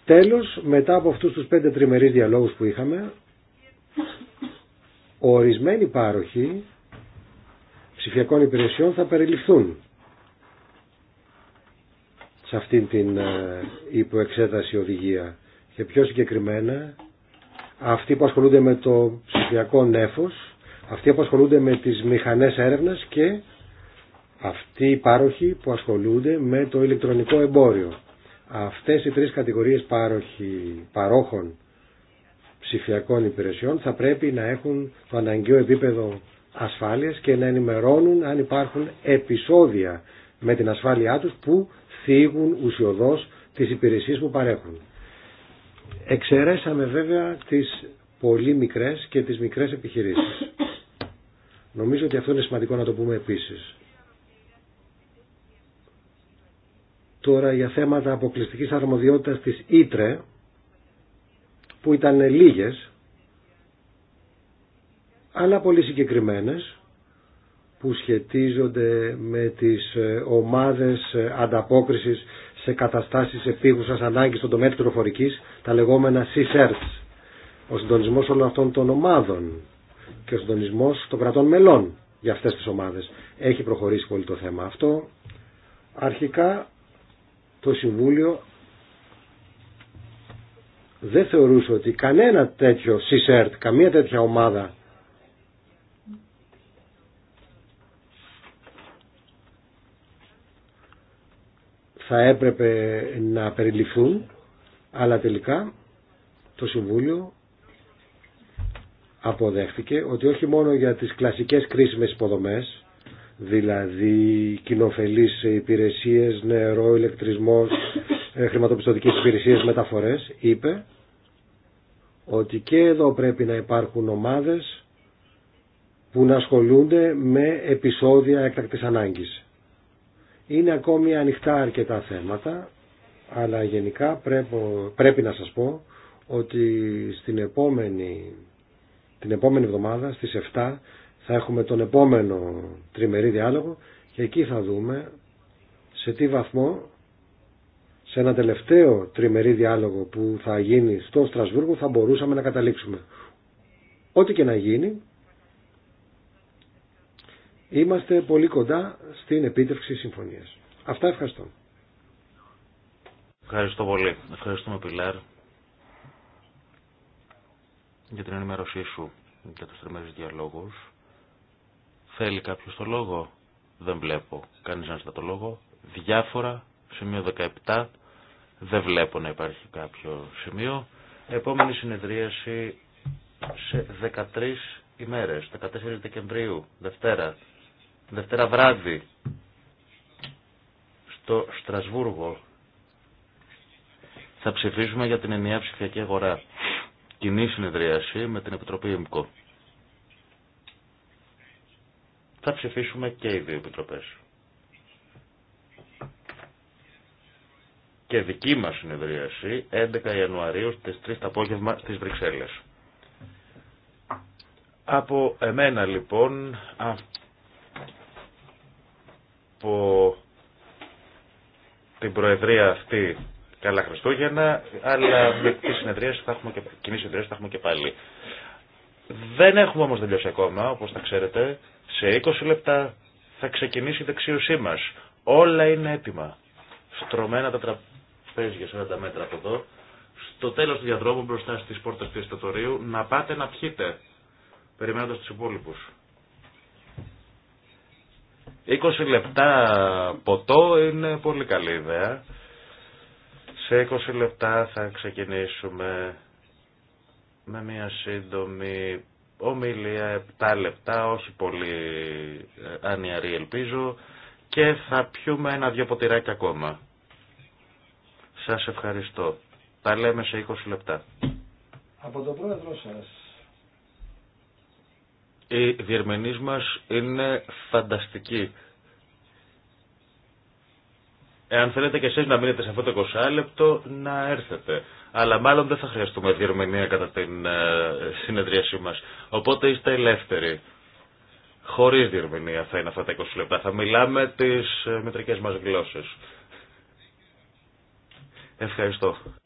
Τέλος, μετά από αυτούς τους πέντε τριμερείς διαλόγους που είχαμε, ορισμένοι πάροχοι ψηφιακών υπηρεσιών θα περιληφθούν σε αυτήν την ε, υποεξέταση οδηγία και πιο συγκεκριμένα αυτοί που ασχολούνται με το ψηφιακό νέφος, αυτοί που ασχολούνται με τις μηχανές έρευνας και αυτοί οι πάροχοι που ασχολούνται με το ηλεκτρονικό εμπόριο. Αυτές οι τρεις κατηγορίες πάροχοι, παρόχων ψηφιακών υπηρεσιών θα πρέπει να έχουν το αναγκαίο επίπεδο ασφάλειας και να ενημερώνουν αν υπάρχουν επεισόδια με την ασφάλειά τους που θίγουν ουσιοδός τις υπηρεσίες που παρέχουν. Εξαιρέσαμε βέβαια τις πολύ μικρές και τις μικρές επιχειρήσεις. Νομίζω ότι αυτό είναι σημαντικό να το πούμε επίσης. Τώρα για θέματα αποκλειστικής αρμοδιότητας της Ήτρε, που ήταν λίγες, αλλά πολύ συγκεκριμένες, που σχετίζονται με τις ε, ομάδες ε, ανταπόκρισης σε καταστάσεις επίγουσας ανάγκης στον τομέα πληροφορικής, τα λεγόμενα C-SERTs. Ο συντονισμός όλων αυτών των ομάδων και ο συντονισμός των κρατών μελών για αυτές τις ομάδες. Έχει προχωρήσει πολύ το θέμα αυτό. Αρχικά το Συμβούλιο δεν θεωρούσε ότι κανένα τέτοιο C-SERT, καμία τέτοια ομάδα θα έπρεπε να περιληφθούν, αλλά τελικά το Συμβούλιο αποδέχτηκε ότι όχι μόνο για τις κλασικές κρίσιμες υποδομές, δηλαδή κοινοφελείς υπηρεσίες, νερό, ηλεκτρισμός, ε, χρηματοπιστωτικές υπηρεσίες, μεταφορές, είπε ότι και εδώ πρέπει να υπάρχουν ομάδες που να ασχολούνται με επεισόδια έκτακτης ανάγκης. Είναι ακόμη ανοιχτά αρκετά θέματα, αλλά γενικά πρέπει, πρέπει να σας πω ότι στην επόμενη, την επόμενη εβδομάδα στις 7 θα έχουμε τον επόμενο τριμερή διάλογο και εκεί θα δούμε σε τι βαθμό σε ένα τελευταίο τριμερή διάλογο που θα γίνει στο Στρασβούργο θα μπορούσαμε να καταλήξουμε. Ό,τι και να γίνει Είμαστε πολύ κοντά στην επίτευξη συμφωνίας. Αυτά ευχαριστώ. Ευχαριστώ πολύ. Ευχαριστούμε Πιλάρ για την ενημέρωσή σου για τους τριμμένους διαλόγους. Θέλει κάποιος το λόγο. Δεν βλέπω. Κανείς να ζητά το λόγο. Διάφορα. Σημείο 17. Δεν βλέπω να υπάρχει κάποιο σημείο. Επόμενη συνεδρίαση σε 13 ημέρες. 14 Δεκεμβρίου. Δευτέρα. Δευτέρα βράδυ στο Στρασβούργο θα ψηφίσουμε για την ενιαία ψηφιακή αγορά. Κοινή συνεδρίαση με την Επιτροπή ΕΜΚΟ. Θα ψηφίσουμε και οι δύο επιτροπές. Και δική μας συνεδρίαση 11 Ιανουαρίου στις 3 το απόγευμα στις Βρυξέλλες. Από εμένα λοιπόν από την Προεδρία αυτή καλά Χριστούγεννα, αλλά με τις συνεδρίες θα έχουμε και, κοινή συνεδρίες θα έχουμε και πάλι. Δεν έχουμε όμως τελειώσει ακόμα, όπως θα ξέρετε. Σε 20 λεπτά θα ξεκινήσει η δεξίωσή μας. Όλα είναι έτοιμα. Στρωμένα τα τραπέζια 40 μέτρα από εδώ. Στο τέλος του διαδρόμου μπροστά στις πόρτες του εστιατορίου να πάτε να πιείτε. Περιμένοντας τους υπόλοιπους. 20 λεπτά ποτό είναι πολύ καλή ιδέα. Σε 20 λεπτά θα ξεκινήσουμε με μια σύντομη ομιλία, 7 λεπτά, όχι πολύ ανιαρή ε, ελπίζω, και θα πιούμε ένα-δυο ποτηράκια ακόμα. Σας ευχαριστώ. Τα λέμε σε 20 λεπτά. Από το πρόεδρό σας. Οι διερμηνείς μας είναι φανταστικοί. Εάν θέλετε και εσείς να μείνετε σε αυτό το 20 λεπτό, να έρθετε. Αλλά μάλλον δεν θα χρειαστούμε διερμενία κατά την ε, συνεδρίασή μας. Οπότε είστε ελεύθεροι. Χωρίς διερμενία θα είναι αυτά τα 20 λεπτά. Θα μιλάμε τις ε, μετρικές μας γλώσσες. Ευχαριστώ.